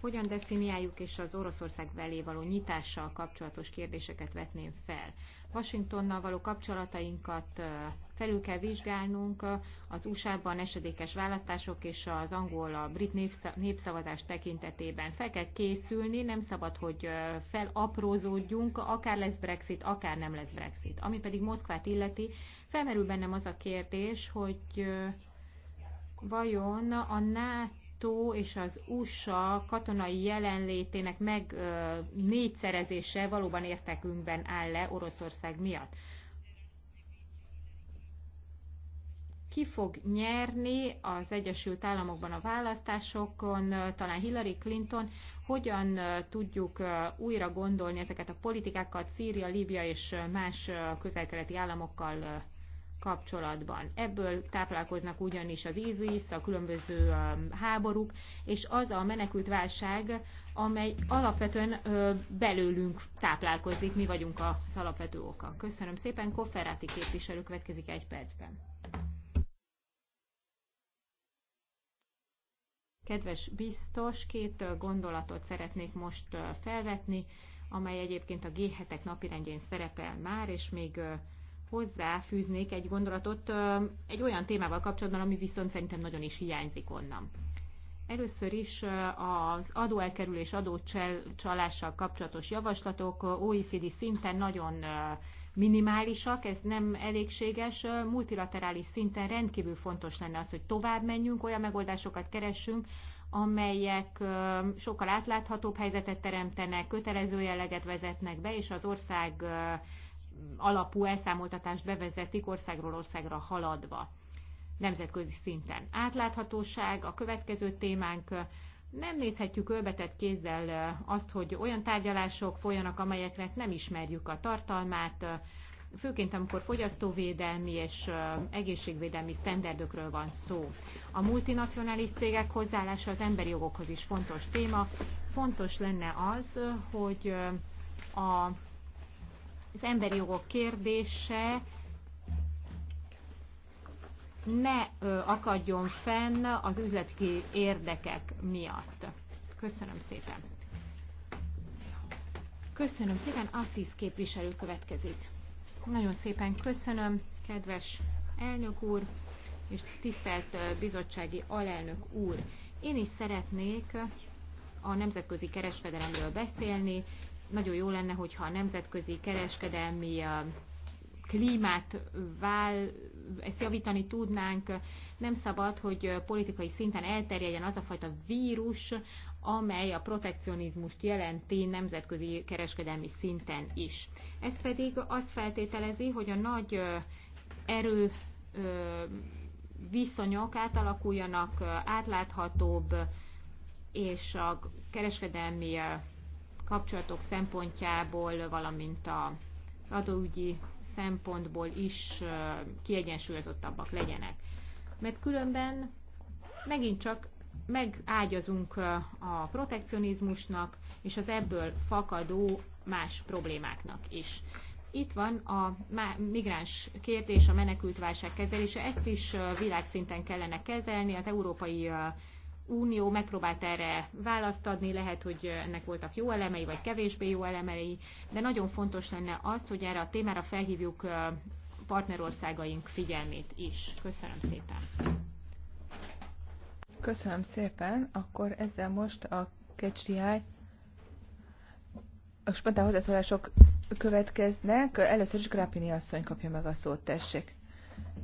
hogyan definiáljuk, és az Oroszország velé való nyitással kapcsolatos kérdéseket vetném fel. Washingtonnal való kapcsolatainkat felül kell vizsgálnunk az USA-ban esedékes választások és az angol a brit népszavazás tekintetében. Fel kell készülni, nem szabad, hogy felaprózódjunk, akár lesz Brexit, akár nem lesz Brexit. Ami pedig Moszkvát illeti, felmerül bennem az a kérdés, hogy vajon a NATO és az USA katonai jelenlétének meg négyszerezése valóban értekünkben áll le Oroszország miatt. ki fog nyerni az Egyesült Államokban a választásokon, talán Hillary Clinton, hogyan tudjuk újra gondolni ezeket a politikákat Szíria, Líbia és más közelkeleti államokkal kapcsolatban. Ebből táplálkoznak ugyanis az ISIS, a különböző háborúk, és az a menekült válság, amely alapvetően belőlünk táplálkozik, mi vagyunk az alapvető oka. Köszönöm szépen, Kofferáti képviselő következik egy percben. Kedves biztos, két gondolatot szeretnék most felvetni, amely egyébként a G7-ek napirendjén szerepel már, és még hozzáfűznék egy gondolatot egy olyan témával kapcsolatban, ami viszont szerintem nagyon is hiányzik onnan. Először is az adóelkerülés, adócsalással kapcsolatos javaslatok OECD szinten nagyon minimálisak, ez nem elégséges. Multilaterális szinten rendkívül fontos lenne az, hogy tovább menjünk, olyan megoldásokat keressünk, amelyek sokkal átláthatóbb helyzetet teremtenek, kötelező jelleget vezetnek be, és az ország alapú elszámoltatást bevezetik országról országra haladva nemzetközi szinten. Átláthatóság a következő témánk, nem nézhetjük ölbetett kézzel azt, hogy olyan tárgyalások folyanak, amelyeknek nem ismerjük a tartalmát, főként amikor fogyasztóvédelmi és egészségvédelmi sztenderdökről van szó. A multinacionális cégek hozzáállása az emberi jogokhoz is fontos téma. Fontos lenne az, hogy a, az emberi jogok kérdése ne akadjon fenn az üzleti érdekek miatt. Köszönöm szépen. Köszönöm szépen, Assis képviselő következik. Nagyon szépen köszönöm, kedves elnök úr és tisztelt bizottsági alelnök úr. Én is szeretnék a nemzetközi kereskedelemről beszélni. Nagyon jó lenne, hogyha a nemzetközi kereskedelmi klímát vál, ezt javítani tudnánk. Nem szabad, hogy politikai szinten elterjedjen az a fajta vírus, amely a protekcionizmust jelenti nemzetközi kereskedelmi szinten is. Ez pedig azt feltételezi, hogy a nagy erő viszonyok átalakuljanak, átláthatóbb, és a kereskedelmi kapcsolatok szempontjából, valamint az adóügyi szempontból is kiegyensúlyozottabbak legyenek. Mert különben megint csak megágyazunk a protekcionizmusnak és az ebből fakadó más problémáknak is. Itt van a migráns kérdés, a menekültválság kezelése, ezt is világszinten kellene kezelni, az európai Unió megpróbált erre választ adni, lehet, hogy ennek voltak jó elemei, vagy kevésbé jó elemei, de nagyon fontos lenne az, hogy erre a témára felhívjuk partnerországaink figyelmét is. Köszönöm szépen! Köszönöm szépen, akkor ezzel most a KCI a spontán hozzászólások következnek. Először is Grápini asszony kapja meg a szót, tessék.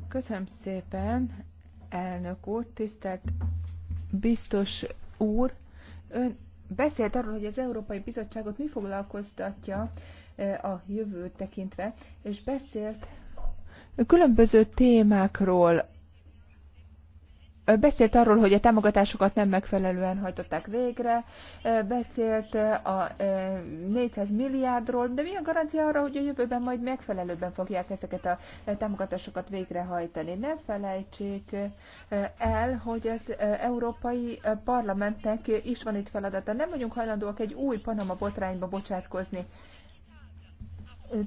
Köszönöm szépen, elnök úr, tisztelt Biztos úr, ön beszélt arról, hogy az Európai Bizottságot mi foglalkoztatja eh, a jövőt tekintve, és beszélt különböző témákról, Beszélt arról, hogy a támogatásokat nem megfelelően hajtották végre, beszélt a 400 milliárdról, de mi a garancia arra, hogy a jövőben majd megfelelőben fogják ezeket a támogatásokat végrehajtani? Ne felejtsék el, hogy az Európai Parlamentnek is van itt feladata. Nem vagyunk hajlandóak egy új Panama botrányba bocsátkozni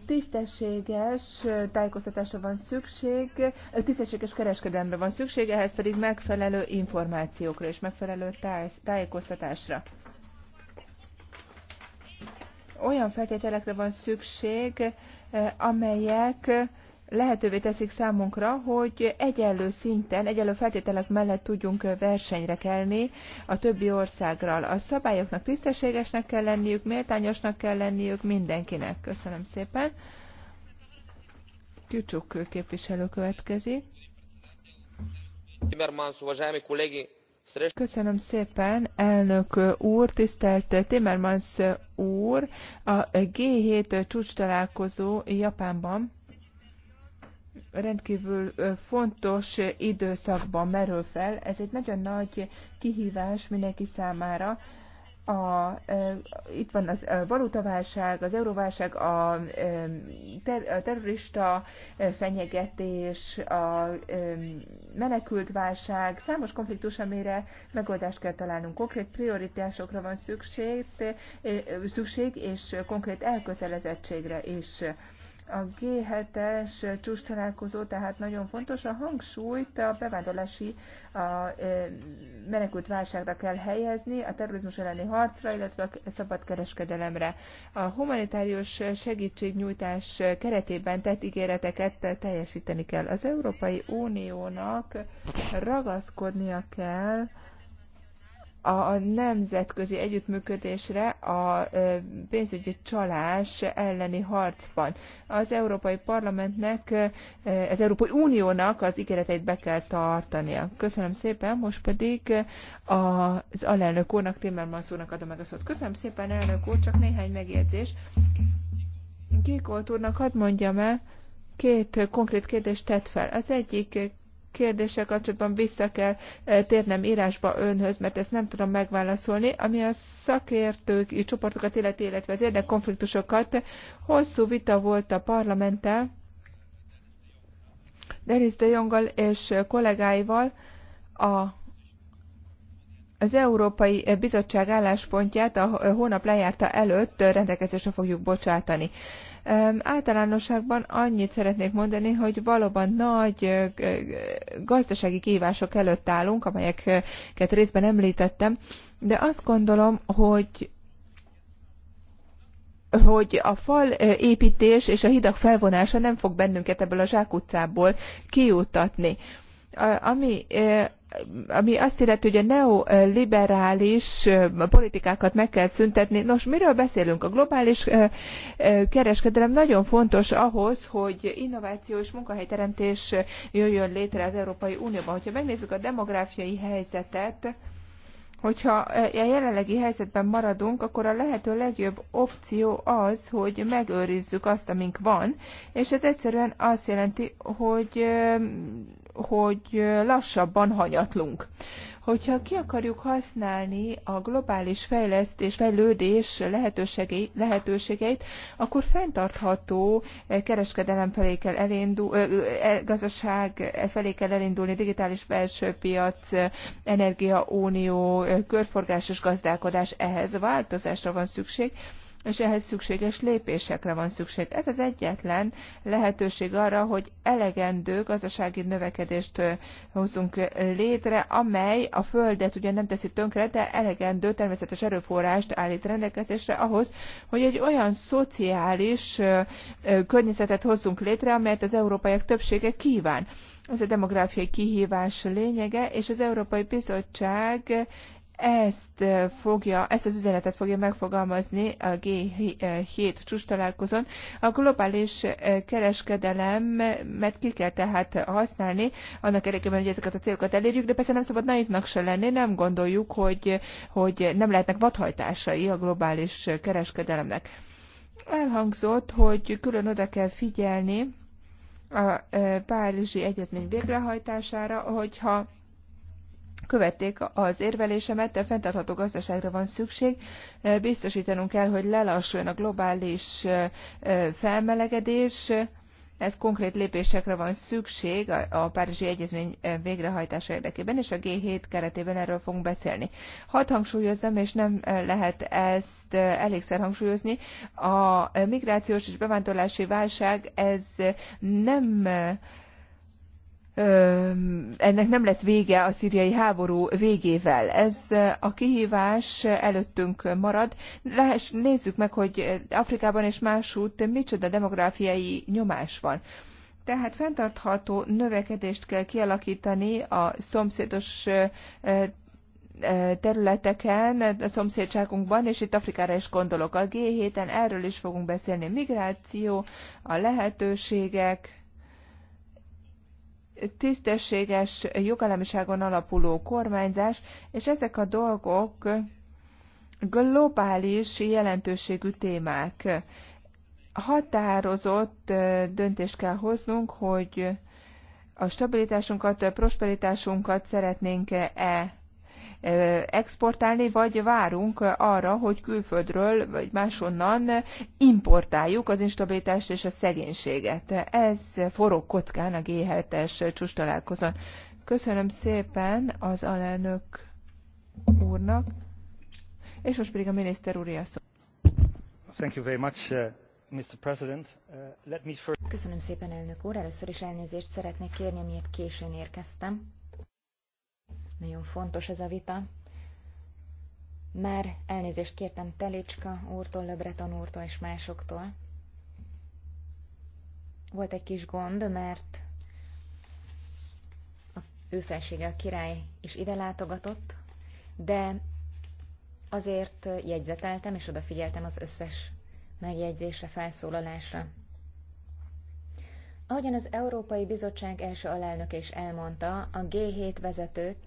tisztességes tájékoztatásra van szükség, tisztességes kereskedelemre van szükség, ehhez pedig megfelelő információkra és megfelelő táj, tájékoztatásra. Olyan feltételekre van szükség, eh, amelyek lehetővé teszik számunkra, hogy egyenlő szinten, egyenlő feltételek mellett tudjunk versenyre kelni a többi országral. A szabályoknak tisztességesnek kell lenniük, méltányosnak kell lenniük mindenkinek. Köszönöm szépen. Kücsuk képviselő következik. Timmermans, Köszönöm szépen, elnök úr, tisztelt Timmermans úr, a G7 csúcs találkozó Japánban rendkívül fontos időszakban merül fel. Ez egy nagyon nagy kihívás mindenki számára. A, itt van az a valutaválság, az euróválság, a, ter, a terrorista fenyegetés, a menekültválság, számos konfliktus, amire megoldást kell találnunk. Konkrét prioritásokra van szükség, szükség és konkrét elkötelezettségre is. És a G7-es csúcs találkozó tehát nagyon fontos. A hangsúlyt a bevándorlási a e, menekült válságra kell helyezni, a terrorizmus elleni harcra, illetve a kereskedelemre. A humanitárius segítségnyújtás keretében tett ígéreteket teljesíteni kell. Az Európai Uniónak ragaszkodnia kell a nemzetközi együttműködésre a pénzügyi csalás elleni harcban. Az Európai Parlamentnek, az Európai Uniónak az ígéreteit be kell tartania. Köszönöm szépen, most pedig az alelnök úrnak, Timmermans úrnak adom meg a szót. Köszönöm szépen, elnök úr, csak néhány megjegyzés. Gikolt úrnak hadd mondjam el, két konkrét kérdést tett fel. Az egyik kérdéssel kapcsolatban vissza kell eh, térnem írásba önhöz, mert ezt nem tudom megválaszolni. Ami a szakértők csoportokat illeti, illetve az érdekkonfliktusokat, hosszú vita volt a parlamenttel, Deris de Jonggal és kollégáival a az Európai Bizottság álláspontját a hónap lejárta előtt rendelkezésre fogjuk bocsátani. Általánosságban annyit szeretnék mondani, hogy valóban nagy gazdasági kívások előtt állunk, amelyeket részben említettem, de azt gondolom, hogy hogy a fal építés és a hidak felvonása nem fog bennünket ebből a zsákutcából kiutatni. Ami ami azt illeti, hogy a neoliberális politikákat meg kell szüntetni. Nos, miről beszélünk? A globális kereskedelem nagyon fontos ahhoz, hogy innováció és munkahelyteremtés jöjjön létre az Európai Unióban. Hogyha megnézzük a demográfiai helyzetet, hogyha a jelenlegi helyzetben maradunk, akkor a lehető legjobb opció az, hogy megőrizzük azt, amink van, és ez egyszerűen azt jelenti, hogy hogy lassabban hanyatlunk. Hogyha ki akarjuk használni a globális fejlesztés, fejlődés lehetőségeit, akkor fenntartható eh, kereskedelem felé kell elindulni, eh, eh, gazdaság felé kell elindulni, digitális belső piac, energiaunió, körforgásos gazdálkodás, ehhez változásra van szükség és ehhez szükséges lépésekre van szükség. Ez az egyetlen lehetőség arra, hogy elegendő gazdasági növekedést hozzunk létre, amely a Földet ugye nem teszi tönkre, de elegendő természetes erőforrást állít rendelkezésre ahhoz, hogy egy olyan szociális környezetet hozzunk létre, amelyet az európaiak többsége kíván. Ez a demográfiai kihívás lényege, és az Európai Bizottság ezt fogja, ezt az üzenetet fogja megfogalmazni a G7 csúcs találkozón. A globális kereskedelemet ki kell tehát használni, annak érdekében, hogy ezeket a célokat elérjük, de persze nem szabad naivnak se lenni, nem gondoljuk, hogy, hogy nem lehetnek vadhajtásai a globális kereskedelemnek. Elhangzott, hogy külön oda kell figyelni a Párizsi Egyezmény végrehajtására, hogyha követték az érvelésemet, a fenntartható gazdaságra van szükség. Biztosítanunk kell, hogy lelassuljon a globális felmelegedés, ez konkrét lépésekre van szükség a Párizsi Egyezmény végrehajtása érdekében, és a G7 keretében erről fogunk beszélni. Hadd hangsúlyozzam, és nem lehet ezt elégszer hangsúlyozni, a migrációs és bevándorlási válság ez nem ennek nem lesz vége a szíriai háború végével. Ez a kihívás előttünk marad. Láss, nézzük meg, hogy Afrikában és másút micsoda demográfiai nyomás van. Tehát fenntartható növekedést kell kialakítani a szomszédos területeken, a szomszédságunkban, és itt Afrikára is gondolok. A G7-en erről is fogunk beszélni. Migráció, a lehetőségek, tisztességes jogállamiságon alapuló kormányzás, és ezek a dolgok globális jelentőségű témák. Határozott döntést kell hoznunk, hogy a stabilitásunkat, a prosperitásunkat szeretnénk-e exportálni, vagy várunk arra, hogy külföldről vagy máshonnan importáljuk az instabilitást és a szegénységet. Ez forog kockán a G7-es csúcs találkozón. Köszönöm szépen az alelnök úrnak, és most pedig a miniszter úr szó. Thank you very much, uh, Mr. President. Uh, let me first... Köszönöm szépen, elnök úr. Először is elnézést szeretnék kérni, amiért későn érkeztem. Nagyon fontos ez a vita. Már elnézést kértem Telicska úrtól, Lebreton úrtól és másoktól. Volt egy kis gond, mert a ő felsége a király is ide látogatott, de azért jegyzeteltem és odafigyeltem az összes megjegyzésre, felszólalásra. Ahogyan az Európai Bizottság első alelnöke is elmondta, a G7 vezetők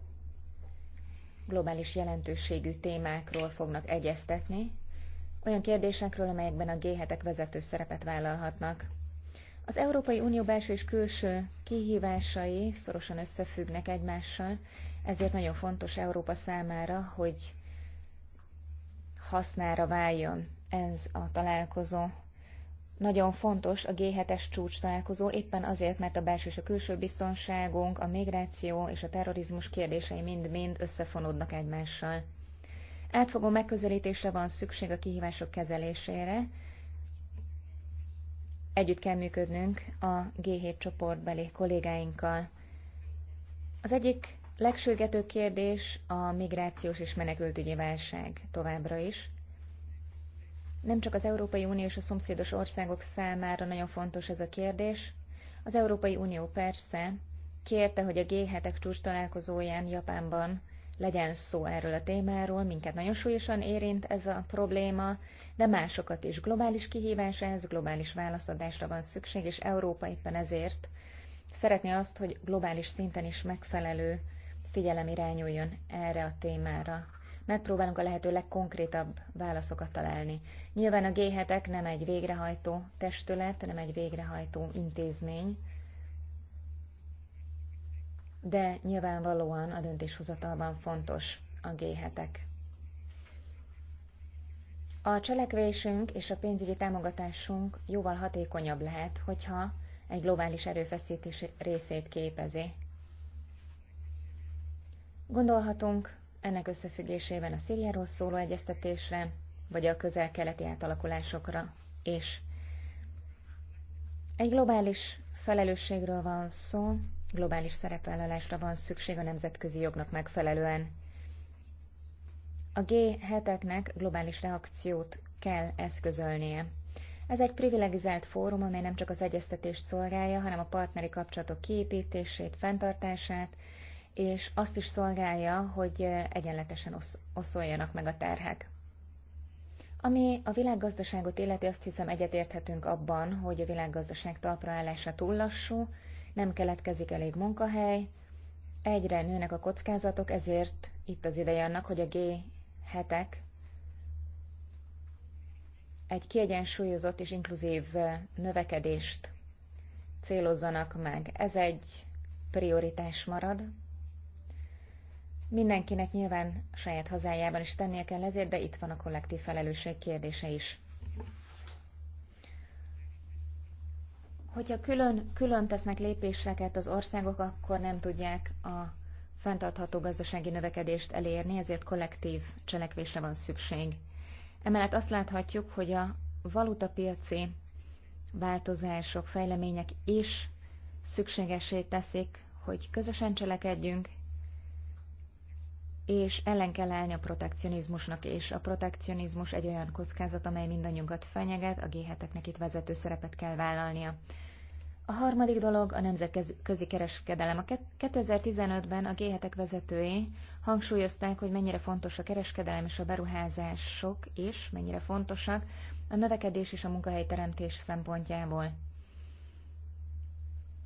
globális jelentőségű témákról fognak egyeztetni, olyan kérdésekről, amelyekben a G7-ek vezető szerepet vállalhatnak. Az Európai Unió belső és külső kihívásai szorosan összefüggnek egymással, ezért nagyon fontos Európa számára, hogy hasznára váljon ez a találkozó. Nagyon fontos a G7-es csúcs találkozó, éppen azért, mert a belső és a külső biztonságunk, a migráció és a terrorizmus kérdései mind-mind összefonódnak egymással. Átfogó megközelítésre van szükség a kihívások kezelésére. Együtt kell működnünk a G7 csoportbeli kollégáinkkal. Az egyik legsürgetőbb kérdés a migrációs és menekültügyi válság továbbra is. Nem csak az Európai Unió és a szomszédos országok számára nagyon fontos ez a kérdés. Az Európai Unió persze kérte, hogy a G7-ek csúcs találkozóján Japánban legyen szó erről a témáról, minket nagyon súlyosan érint ez a probléma, de másokat is. Globális kihívás ez, globális válaszadásra van szükség, és Európa éppen ezért szeretné azt, hogy globális szinten is megfelelő figyelem irányuljon erre a témára megpróbálunk a lehető legkonkrétabb válaszokat találni. Nyilván a g nem egy végrehajtó testület, nem egy végrehajtó intézmény, de nyilvánvalóan a döntéshozatalban fontos a g A cselekvésünk és a pénzügyi támogatásunk jóval hatékonyabb lehet, hogyha egy globális erőfeszítés részét képezi. Gondolhatunk ennek összefüggésében a Szíriáról szóló egyeztetésre, vagy a közel-keleti átalakulásokra is. Egy globális felelősségről van szó, globális szerepvállalásra van szükség a nemzetközi jognak megfelelően. A G7-eknek globális reakciót kell eszközölnie. Ez egy privilegizált fórum, amely nem csak az egyeztetést szolgálja, hanem a partneri kapcsolatok kiépítését, fenntartását, és azt is szolgálja, hogy egyenletesen oszoljanak meg a terhek. Ami a világgazdaságot illeti, azt hiszem egyetérthetünk abban, hogy a világgazdaság talpraállása túl lassú, nem keletkezik elég munkahely, egyre nőnek a kockázatok, ezért itt az ideje annak, hogy a G7-ek egy kiegyensúlyozott és inkluzív növekedést célozzanak meg. Ez egy prioritás marad. Mindenkinek nyilván saját hazájában is tennie kell ezért, de itt van a kollektív felelősség kérdése is. Hogyha külön, külön tesznek lépéseket az országok, akkor nem tudják a fenntartható gazdasági növekedést elérni, ezért kollektív cselekvésre van szükség. Emellett azt láthatjuk, hogy a valutapiaci változások, fejlemények is szükségesé teszik, hogy közösen cselekedjünk, és ellen kell állni a protekcionizmusnak, és a protekcionizmus egy olyan kockázat, amely mindannyiunkat fenyeget, a g itt vezető szerepet kell vállalnia. A harmadik dolog a nemzetközi kereskedelem. A 2015-ben a g vezetői hangsúlyozták, hogy mennyire fontos a kereskedelem és a beruházások is, mennyire fontosak a növekedés és a munkahelyteremtés szempontjából.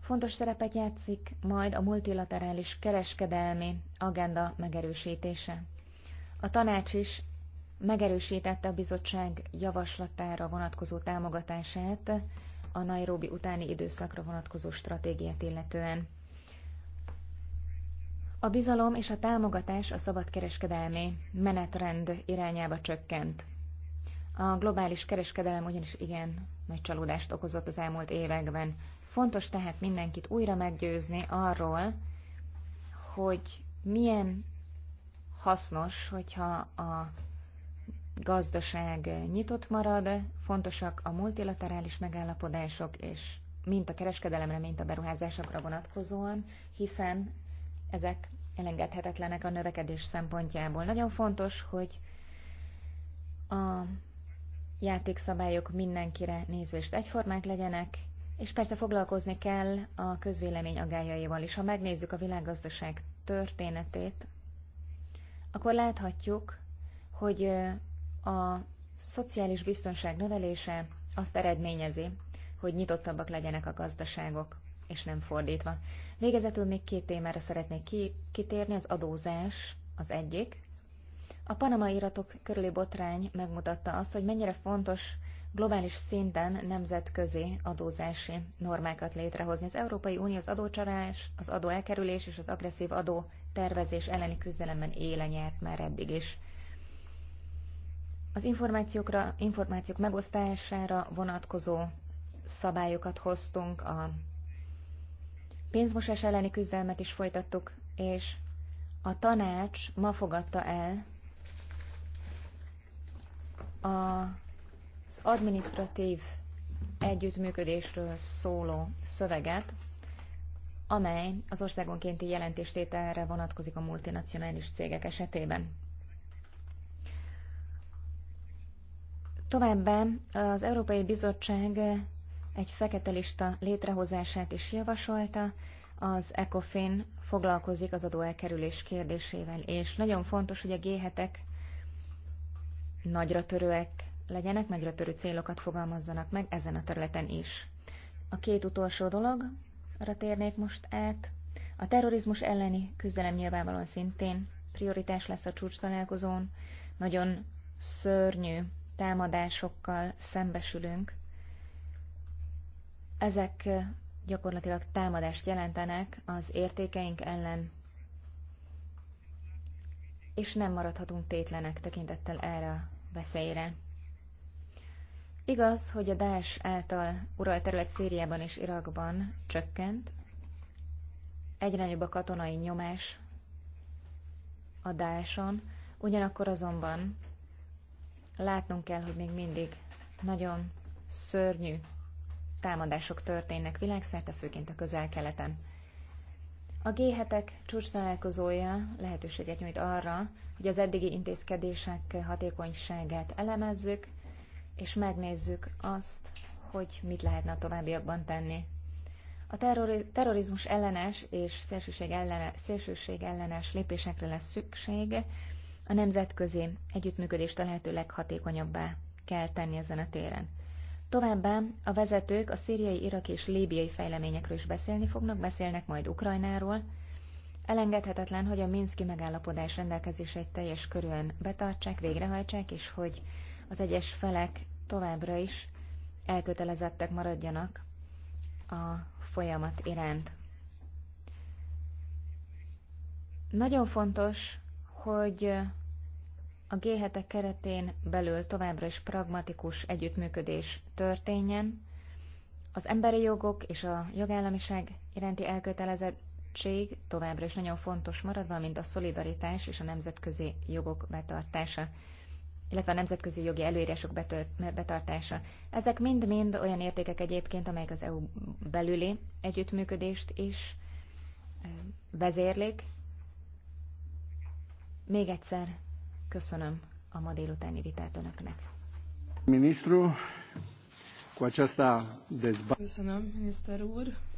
Fontos szerepet játszik majd a multilaterális kereskedelmi agenda megerősítése. A tanács is megerősítette a bizottság javaslatára vonatkozó támogatását a Nairobi utáni időszakra vonatkozó stratégiát illetően. A bizalom és a támogatás a szabadkereskedelmi menetrend irányába csökkent. A globális kereskedelem ugyanis igen nagy csalódást okozott az elmúlt években. Fontos tehát mindenkit újra meggyőzni arról, hogy milyen hasznos, hogyha a gazdaság nyitott marad, fontosak a multilaterális megállapodások, és mint a kereskedelemre, mint a beruházásokra vonatkozóan, hiszen ezek elengedhetetlenek a növekedés szempontjából. Nagyon fontos, hogy a játékszabályok mindenkire nézvést egyformák legyenek, és persze foglalkozni kell a közvélemény agályaival is. Ha megnézzük a világgazdaság történetét, akkor láthatjuk, hogy a szociális biztonság növelése azt eredményezi, hogy nyitottabbak legyenek a gazdaságok, és nem fordítva. Végezetül még két témára szeretnék ki- kitérni, az adózás az egyik. A panama iratok körüli botrány megmutatta azt, hogy mennyire fontos globális szinten nemzetközi adózási normákat létrehozni. Az Európai Unió az adócsalás, az adóelkerülés és az agresszív adó tervezés elleni küzdelemben élen járt már eddig is. Az információkra, információk megosztására vonatkozó szabályokat hoztunk, a pénzmosás elleni küzdelmet is folytattuk, és a tanács ma fogadta el a az administratív együttműködésről szóló szöveget, amely az országonkénti jelentéstételre vonatkozik a multinacionális cégek esetében. Továbbá az Európai Bizottság egy fekete lista létrehozását is javasolta, az ECOFIN foglalkozik az adóelkerülés kérdésével, és nagyon fontos, hogy a g nagyra törőek legyenek, nagyra törő célokat fogalmazzanak meg ezen a területen is. A két utolsó dologra térnék most át. A terrorizmus elleni küzdelem nyilvánvalóan szintén prioritás lesz a csúcs találkozón. Nagyon szörnyű támadásokkal szembesülünk. Ezek gyakorlatilag támadást jelentenek az értékeink ellen, és nem maradhatunk tétlenek tekintettel erre a veszélyre. Igaz, hogy a Daesh által uralt terület Szíriában és Irakban csökkent, egyre nagyobb a katonai nyomás a Daeson, ugyanakkor azonban látnunk kell, hogy még mindig nagyon szörnyű támadások történnek világszerte, főként a közel-keleten. A G7-ek csúcs találkozója lehetőséget nyújt arra, hogy az eddigi intézkedések hatékonyságát elemezzük, és megnézzük azt, hogy mit lehetne a továbbiakban tenni. A terrorizmus ellenes és szélsőség ellenes, szélsőség ellenes lépésekre lesz szükség, a nemzetközi együttműködést a lehető leghatékonyabbá kell tenni ezen a téren. Továbbá a vezetők a szíriai, iraki és líbiai fejleményekről is beszélni fognak, beszélnek majd Ukrajnáról. Elengedhetetlen, hogy a Minszki megállapodás rendelkezéseit teljes körűen betartsák, végrehajtsák, és hogy az egyes felek továbbra is elkötelezettek maradjanak a folyamat iránt. Nagyon fontos, hogy a g keretén belül továbbra is pragmatikus együttműködés történjen, az emberi jogok és a jogállamiság iránti elkötelezettség továbbra is nagyon fontos marad, valamint a szolidaritás és a nemzetközi jogok betartása illetve a nemzetközi jogi előírások betartása. Ezek mind-mind olyan értékek egyébként, amelyek az EU belüli együttműködést is vezérlik. Még egyszer köszönöm a ma délutáni vitát önöknek. Köszönöm, miniszter úr.